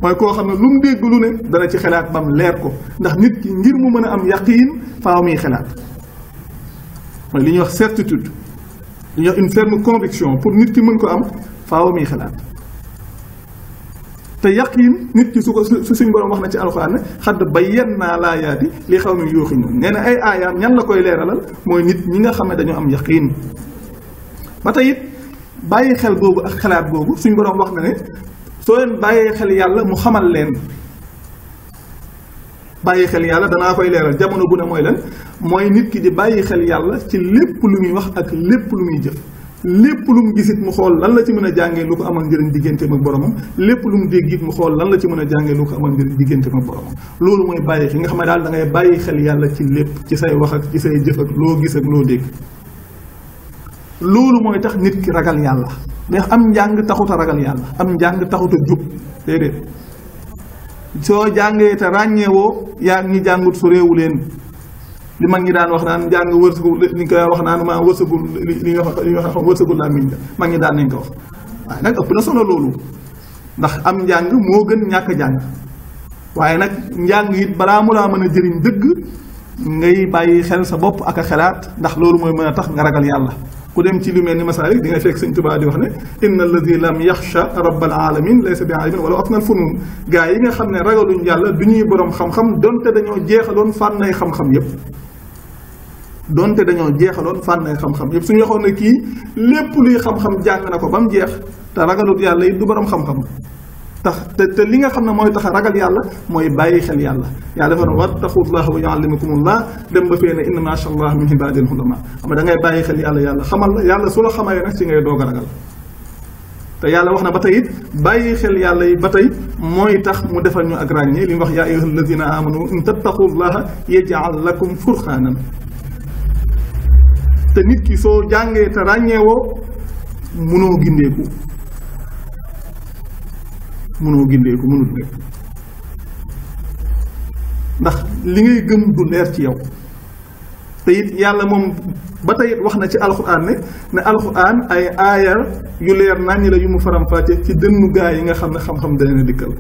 mooy koo xam ne lu mu dégg lu ne dana ci xalaat bam leer ko ndax nit ki ngir mu mën a am yaqiin faaw muy xalaat mooy li ñuy wax certitude li ñuy wax une ferme conviction pour nit ki mën ko am faaw muy xalaat te yaqiin nit ki su ko su suñ borom wax na ci alxuraan ne xadd bayyannaa laayaati li xaw mi yuuxinuun nee ay aayaam ñan la koy leeralal mooy nit ñi nga xam ne dañoo am yaqiin ba tey it bàyyi xel boobu ak xalaat boobu suñ borom wax na ne soo leen bàyyee xel yàlla mu xamal leen bàyyi xel yàlla dana fay leral jamono bu ne mooy lan moy nit ki di bàyyi xel yàlla ci lépp lu muy wax ak lépp lu muy jëf lépp lu mu gisit mu xol lan la ci mëna jàngé lu ko amal ngeen digënté ak boromam lépp lu mu déggit mu xol lan la ci mëna jàngé lu ko amal ngeen digënté ak boromam loolu moy bàyyi xel nga xamé dal da ngay bàyyi xel yàlla ci lépp ci say wax ak ci say jëf ak lo gis ak lo dégg loolu moy tax nit ki ragal yàlla ndax am jàng taxuta ragal yàlla am jàng taxuta a dédé soo jàngee te ràññeewoo yaa ngi jàngut su réewu leen li mag ñi daan wax naan jàng wërsëgu li ñu koy wax naan maa wërsëgu li nga xam li nga xam wërsëgu laa miñ mag ñi daan nañ ko wax waaye nag ëpp na solo loolu ndax am njàng moo gën ñàkk jàng waaye nag njàng it balaa mu laa mën a jëriñ dëgg ngay bàyyi xel sa bopp ak a xelaat ndax loolu mooy mën a tax nga ragal yàlla كودم تيلو مين مسالك دينا فيك سنتو با دي وخني ان الذي لم يخشى رب العالمين ليس بعالم ولا اطنا الفنون غاي ييغا خامني راغلو نيالا بني بروم خام خام دونت دانيو جيهالون فاناي خام خام ييب دونت دانيو جيهالون فاناي خام خام ييب سوني واخو نكي ليپ لي خام خام جان نكو بام جيه تا راغلو يالا يدو بروم خام tax te li nga xam ne mooy tax ragal yàlla mooy bàyyi xel yàlla yàlla dafa ne wattaqullaha wa yuallimukumullah dem ba fee ne inna macha allah min ibadil ulama xam nga da ngay bàyyi xel yàlla yàlla xamal la yàlla su la xamalee nag ci ngay doog a ragal te yàlla wax na ba tey it bàyyi xel yàlla yi ba tey mooy tax mu defar ñu ak ràññee li mu wax yaa ayyuha alladina amanu in tattaqullaha yaj'al lakum furqanan te nit ki soo jàngee te ràññeewoo munoo gindeeku mënoo gindee ko mënut nekk ndax li ngay gëm du leer ci yow te yàlla moom ba tey wax na ci alxuraan ne ne alxuraan ay aaya yu leer naññ la yu mu faram-fàccee ci dënnu gaa yi nga xam ne xam-xam dana dikkal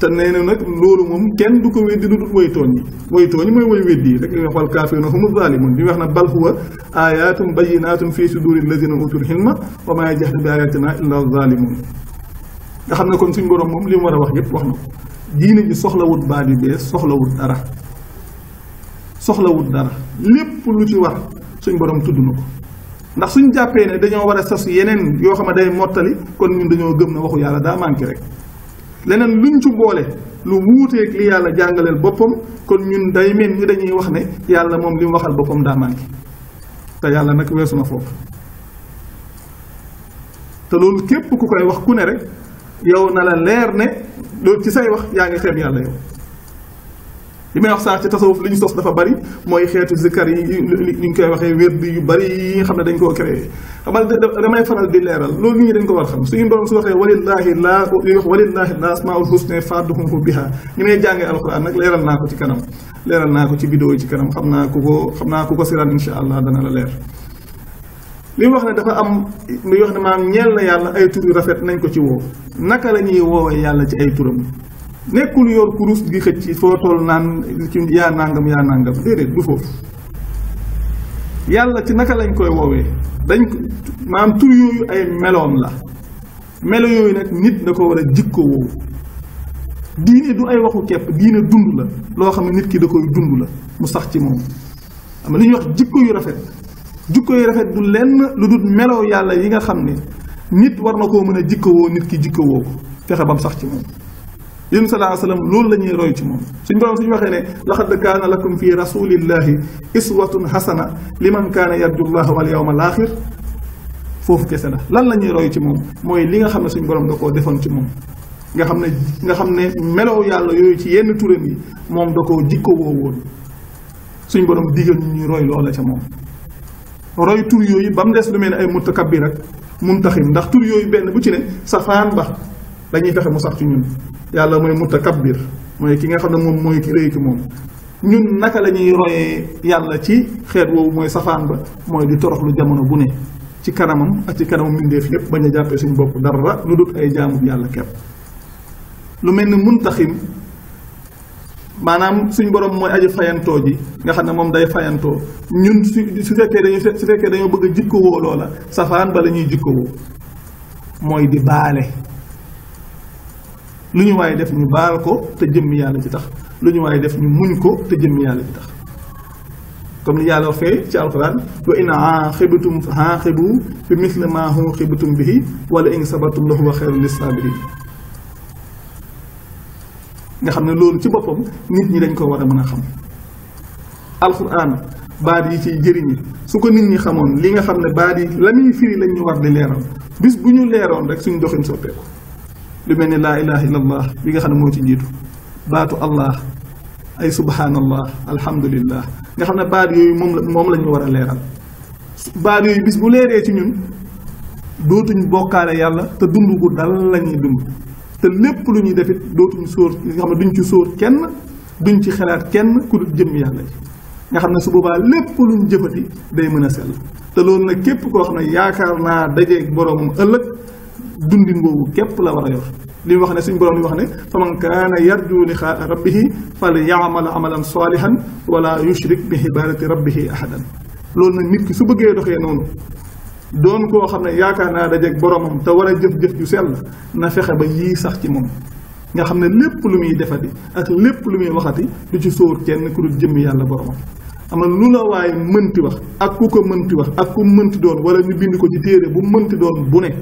te nee na nag loolu moom kenn du ko weddi lu dul woytooñ yi woytooñ yi mooy woy weddi wax na bal huwa aayaatum bayyinaatun fii suduuri lazina utul xilma wa maa yajhadu bi aayaatinaa illaa zaalimuun nga xam ne kon suñ boroom moom li mu war a wax yépp wax na ko diine ji soxlawut baat yu bees soxlawut dara soxlawut dara lépp lu ci war suñ borom tudd na ko ndax suñ jàppee ne dañoo war a sas yeneen yoo xam ne day mottali kon ñun dañoo gëm na waxu yàlla daa manqué rek leneen luñ ci boole lu wuuteeg li yàlla jàngaleel boppam kon ñun day mel ni dañuy wax ne yàlla moom li mu waxal boppam daa te yàlla nag weesu na foofu te loolu képp ku koy wax ku ne rek yow na la leer ne loolu ci say wax yaa ngi xeeb yàlla yow li may wax sax ci tasawuf li ñu sos dafa bari mooy xeetu zikar yi li ñu koy waxee wérdi yu bari yi nga xam ne dañ koo créé xam nga damay faral di leeral loolu ñu ñi dañ ko war xam suñu borom su waxee walillahi la li wax walillahi l asmaul husna fadduhum biha ñu may jàngee alquran nag leeral naa ko ci kanam leeral naa ko ci bidoo yi ci kanam xam naa ku ko xam naa ku ko siraan insha allah dana la leer li wax ne dafa am li wax ne maam ñeel na yàlla ay tur yu rafet nañ ko ci woo naka la ñuy woowee yàlla ci ay turam nekkul yor kurus gi xëcc foo toll naan ci yaa nàngam yaa nàngam déedéet du foofu yàlla ci naka lañ koy woowee dañ maam tur yooyu ay meloom la melo yooyu nag nit da ko war a jikko woowu diine du ay waxu kepp diine dund la loo xam ne nit ki da koy dund la mu sax ci moom am li ñuy wax jikko yu rafet jikko yi rafet du lenn lu dul yàlla yi nga xam ne nit war na koo mën a jikkowoo nit ki jikkowoo ko fexe bam sax ci moom yéen salaa sallam loolu la ñuy roy ci moom suñ borom suñu waxee laqad kaana lakum fi rasulillahi iswatun hasana liman kaana yarju llaha wal yawma al axir foofu kese la lan la ñuy roy ci moom mooy li nga xam ne suñ borom da koo ci moom nga xam nga xam ne yàlla yooyu ci yenn turam yi moom jikko woo woon suñ borom digal ñuy roy loola ca moom roy tur yoy bam dess lu mel ay mutakabbir ak muntakhim ndax tur yoy ben bu ci ne safan ba dañuy fexe mu sax ci ñun yalla moy mutakabbir moy ki nga xamne mom moy ki reey ki mom ñun naka lañuy roy yalla ci xeet wo moy safan ba moy di lu jamono bu ne ci kanamam ak ci kanamam mindeef yépp bañ a jàppee suñ dara lu dut ay jaamu yalla kep lu melni muntakhim maanaam suñ borom mooy aji fayantoo ji nga xam ne moom day fayantoo ñun su su fekkee dañu su fekkee dañoo bëgg a jikkowoo loola safaan ba la ñuy jikkowoo mooy di baale lu ñu waaye def ñu baal ko te jëmm yàlla ci tax lu ñu waaye def ñu muñ ko te jëmm yàlla ci tax comme li yàlla waxee ci alquran wa in aaxibtum fa aaxibu bi misli ma uxibtum bihi wala in sabartum la huwa xeyru lissabirin nga xam ne loolu ci boppam nit ñi dañ ko war a mën a xam alxuraan baat yi ciy jëriñi su ko nit ñi xamoon li nga xam ne baat yi la muy firi lañ ñu war di leeral bis bu ñu leeroon rek suñ doxin soppeeku lu mel ni laa ilaha illallah bi nga xam ne moo ci jiitu baatu allah ay subhanallah alhamdulillah nga xam ne baat yooyu moom la moom la war a leeral baat yooyu bis bu leeree ci ñun dootuñ bokkaale yàlla te dund gu dal la ñuy dund te lépp lu ñuy defit dootuñu sóor nga xam ne duñ ci sóor kenn duñ ci xalaat kenn ku dul jëm yàlla ji nga xam ne su boobaa lépp luñ jëfati day mën a sell te loolu nag képp ko wax na yaakaar naa dajeeg boroomam ëllëg dundin boobu képp la war a yor li mu wax ne suñ boroom li wax ne fa man kaana yarju liqaa rabbihi fal yaamal amalan saalihan wala yushrik bi ibadati rabbihi ahadan loolu nag nit ki su bëggee doxee noonu doon koo xam ne yaakaar naa dajeeg boromam te war a jëf-jëf ju sell na fexe ba yii sax ci moom nga xam ne lépp lu muy defati ak lépp lu muy waxati lu ci sóor kenn ku dul jëmm yàlla boromam am na lu la waaye mënti wax ak ku ko mënti wax ak ku mënti doon wala ñu bind ko ci téere bu mënti doon bu ne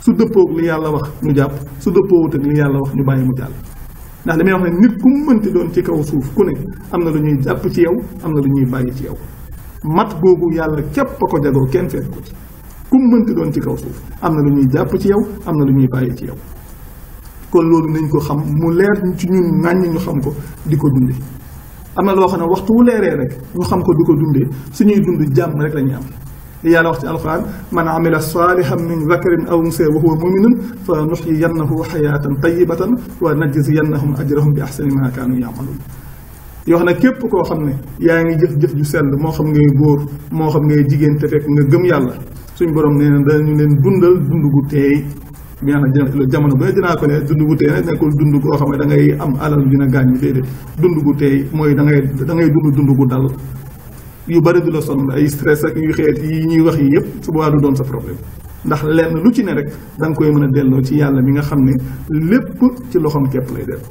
su dëppoog li yàlla wax ñu jàpp su dëppoowut ak li yàlla wax ñu bàyyi mu jàll ndax li may wax ne nit ku mënti doon ci kaw suuf ku ne am na lu ñuy jàpp ci yow am na lu ñuy bàyyi ci yow mat googu yàlla képp a ko jagoo kenn kum mënti doon ci kaw suuf am na lu ñuy jàpp ci yow am na lu ñuy bàyyi ci yow kon loolu nañ ko xam mu leer ci ñun ŋàññ ñu xam ko di ko dunde am na loo xam ne waxtu wu leeree rek ñu xam ko di ko dundee suñuy dund jàmm rek la ñuy am li yàlla wax ci alquran man amila saalihan min zakarin aw unsa wa huwa muminun fa nuxyiyannahu xayaatan tayibatan wa najziyannahum ajrahum bi axsani ma kaanu yaamaluun yoo xam ne képp koo xam ne yaa ngi jëf-jëf ju sell moo xam ngay góor moo xam ngay jigéen te fekk nga gëm yàlla suñ borom nee na dañu leen dundal dund gu teey jamono bu ne dinaa ko ne dund gu teey nag nekkul xam ne da ngay am alal dina gàññ déedéet dund gu teey mooy da ngay da ngay dund dund gu dal yu bari du la sonn ay stress ak yu xeet yi ñuy wax yii yëpp su du doon sa problème ndax lenn lu ci ne rek danga koy mën a delloo ci yàlla mi nga xam ne lépp ci loxoom képp lay def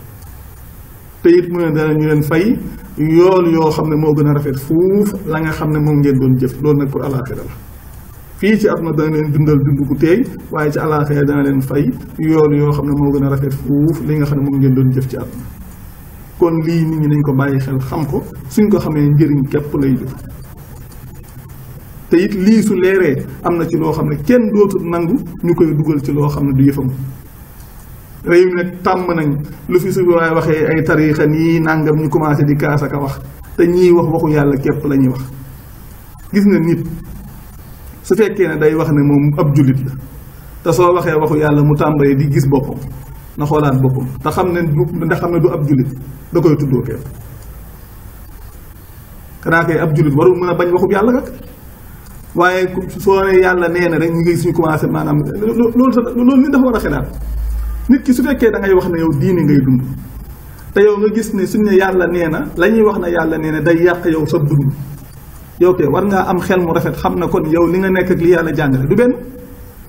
te it mu ne danañu leen fay yool yoo xam ne moo gën a rafet fuuf la nga xam ne moom ngeen doon jëf loolu nag pour alaxira la fii ci àdduna dana leen dundal dund ku teey waaye ci àllaaxira dana leen fay yoon yoo xam ne moo gën a rafet fuuf li nga xam ne moom ngeen doon jëf ci àdduna kon lii nit ñi nañ ko bàyyi xel xam ko suñ ko xamee njëriñ képp lay jur te it lii su leeree am na ci loo xam ne kenn dootul nangu ñu koy dugal ci loo xam ne du yëfam réew mi nag tàmm nañ lu fi su waaye waxee ay tariixa nii nàngam ñu commencé di kaas ak a wax te ñiy wax waxu yàlla képp lañuy ñuy wax gis su fekkee na day wax ne moom ab jullit la te soo waxee waxu yàlla mu tàmbali di gis boppam na xoolaat boppam te xam ne du ndax xam ne du ab jullit da koy tuddoo kenn kanaa ab jullit warul mën a bañ waxu yàlla kat waaye soo ne yàlla nee na rek ñu ngi suñu commencé maanaam loolu sa loolu nit dafa war a xelaat nit ki su fekkee da ngay wax na yow diine ngay dund te yow nga gis ne suñ ne yàlla nee na la ñuy wax na yàlla nee na day yàq yow sa dund yow kay war ngaa am xel mu rafet xam na kon yow li nga nekk ak li yàlla jàngale du benn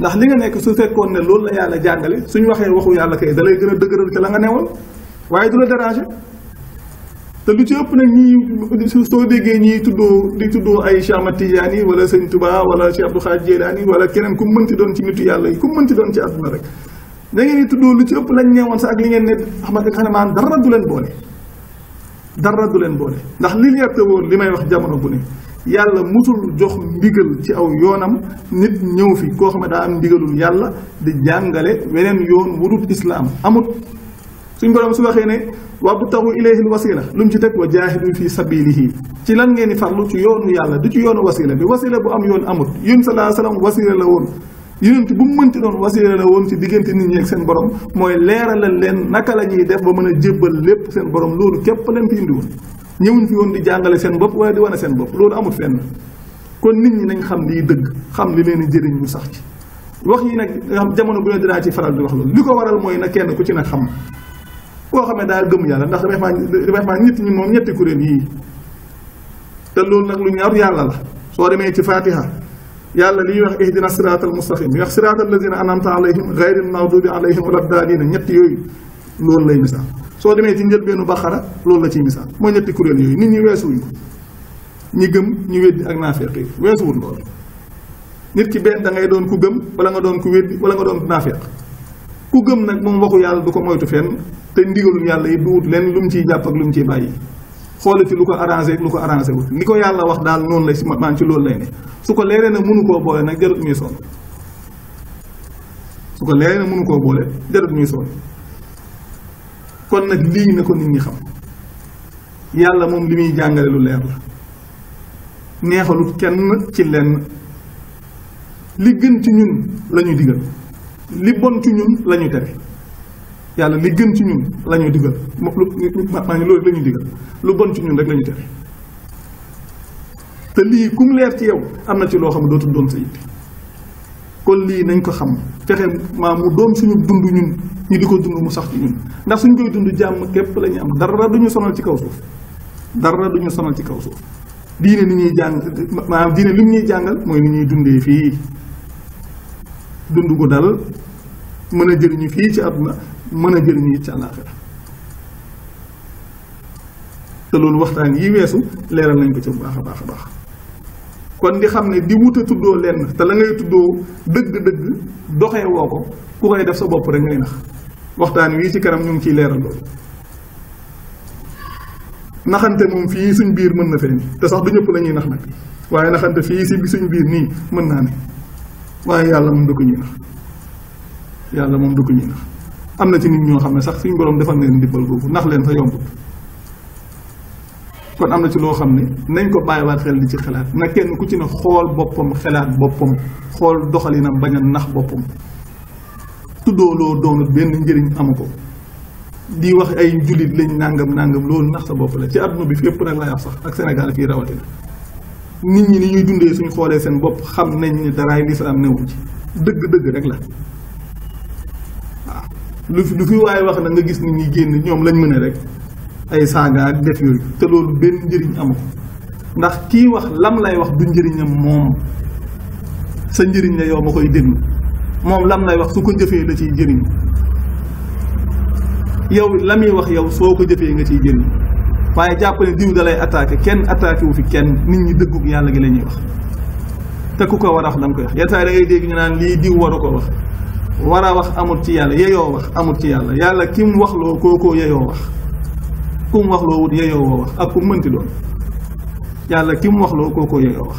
ndax li nga nekk su fekkoon ne loolu la yàlla jàngale suñu waxee waxu yàlla kay dalay gën a dëgëral ca la nga newoon waaye du la déranger te lu ci ëpp nag ñii soo déggee ñii tuddoo di tuddoo ay Cheikh Ahmad Tidiane wala Sëñ Touba wala Cheikh Abdou Khadir Jeylaani wala keneen ku mënti doon ci nitu yàlla yi ku mënti doon ci àdduna rek lu ci ëpp lañ neewoon sax ak li ngeen ne xam nga xam ne maanaam dara du leen boole dara du leen boole ndax li leer te wóor li may wax jamono bu ne yàlla musul jox ndigal ci aw yoonam nit ñëw fi koo xam ne daa am ndigalul yàlla di jàngale weneen yoon wurut islaam amut suñ borom su waxee ne wabtaxu ilayhi wasila lu mu ci teg wa jaahidu fi sabilihi ci lan ngeen di farlu ci yoonu yàlla di ci yoonu wasila bi wasila bu am yoon amut yun salaa salaam wasila la woon yonent bu mu mënti doon wasiila la woon ci diggante nit ñi ak seen borom mooy leeralal leen naka la ñuy def ba mën a jébbal lépp seen borom loolu képp leen fi indiwoon ñëwuñ fi woon di jàngale seen bopp waaye di wane seen bopp loolu amul fenn kon nit ñi nañ xam liy dëgg xam li leen jëriñ ñu sax ci wax yi nag xam jamono bu ne dinaa ci faral di wax loolu li ko waral mooy na kenn ku ci nag xam koo xam ne daal gëm yàlla ndax vraiment vraiment ñett ñu moom ñetti kuréel yii loolu nag lu ñor yàlla la soo demee ci fatiha yàlla li ñuy wax ihdina siraatal mustaqim bi wax siraatal lazina anamta alayhim gayril mawdubi alayhim wala daalina ñett yooyu loolu lay misaal soo demee ci njëlbeenu baqara loolu la ciy misaal mooy ñetti kuréel yooyu nit ñi weesuwuñ ko ñi gëm ñu weddi ak naafeq yi weesuwul loolu nit ki benn da ngay doon ku gëm wala nga doon ku weddi wala nga doon naafeq ku gëm nag moom waxu yàlla du ko moytu fenn te ndigalum yàlla yi duwut leen lu mu ciy jàpp ak lu mu ciy bàyyi xoolati lu ko arrangé lu ko arrangé wut li ko yàlla wax daal noonu la si maan ci loolu lay ne su ko leeree na mënu koo boole nag jarut muy sonn su ko leeree na mënu koo boole jarut muy sonn kon nag lii na ko nit ñi xam yàlla moom li muy jàngale lu leer la neexalut kenn ci lenn li gën ci ñun la ñu digal li bon ci ñun la ñu yàlla li gën ci ñun la ñuy digal moom lu maa ngi loolu la ñuy digal lu bon ci ñun rek la tere te lii kum leer ci yow am na ci loo xam ne dootul doon sa yitte kon lii nañ ko xam fexe maa mu doon suñu dund ñun ñu di ko dund mu sax ci ñun ndax suñ koy dund jàmm képp lañu am dara du ñu sonal ci kaw suuf dara du sonal ci kaw suuf diine ni ñuy jàng maanaam diine li ñuy jàngal mooy ni ñuy dundee fii dund ku dal mën a jëriñu fii ci àdduna mën a jëriñu it ci àllaaxira te loolu waxtaan yi weesu leeral nañ ko ci bu baax a baax a baax kon di xam ne di wut a tuddoo lenn te la ngay tuddoo dëgg-dëgg doxee woo ko ku koy def sa bopp rek ngay nax waxtaan wii ci kanam ñu ngi ciy leeral loolu naxante moom fii suñ biir mën na feeñ te sax du ñëpp la ñuy nax nag waaye naxante fii si suñ biir nii mën naa ne waaye yàlla moom du ñuy nax yàlla moom du ñuy nax am na ci nit ñoo xam ne sax suñu borom defal na leen dimbal googu ndax leen fa yombut kon am na ci loo xam ne nañ ko bàyyiwaat xel di ci xalaat na kenn ku ci ne xool boppam xalaat boppam xool doxalinam bañ a nax boppam tuddoo loo doonut benn njëriñ amu ko di wax ay jullit lañ nangam nangam loolu nax sa bopp la ci adduna bi fépp nag lay wax sax ak Sénégal fii rawatina nit ñi ni ñuy dundee suñ xoolee seen bopp xam nañ ni daraay lislaam newu ci dëgg-dëgg rek la lu fi lu fi waaye wax na nga gis ni ñuy génn ñoom lañ mën a rek ay saaga ak def yooyu te loolu benn njëriñ amu ndax kii wax lam lay wax du njëriñam moom sa njëriñ la yow ma koy déglu moom lam lay wax su ko jëfee la ciy jëriñ yow la muy wax yow soo ko jëfee nga ciy jëriñ waaye jàpp ne diw da lay kenn attaqué wu fi kenn nit ñi dëggug yàlla gi la ñuy wax te ku ko war a wax da nga koy wax yenn saa dégg ñu naan lii diw waru ko wax war a wax amul ci yàlla yeyoo wax amul ci yàlla yàlla ki mu wax loo kookoo yeyoo wax ku mu wax wut yeyoo woo wax ak ku mënti doon yàlla ki mu wax loo kookoo yeyoo wax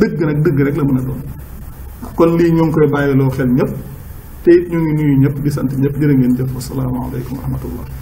dëgg nag dëgg rek la mën a doon kon lii ñu ngi koy bàyyiloo xel ñëpp te it ñu ngi nuyu ñëpp di sant ñëpp jërë ngeen jëf wasalaamaaleykum wa rahmatullah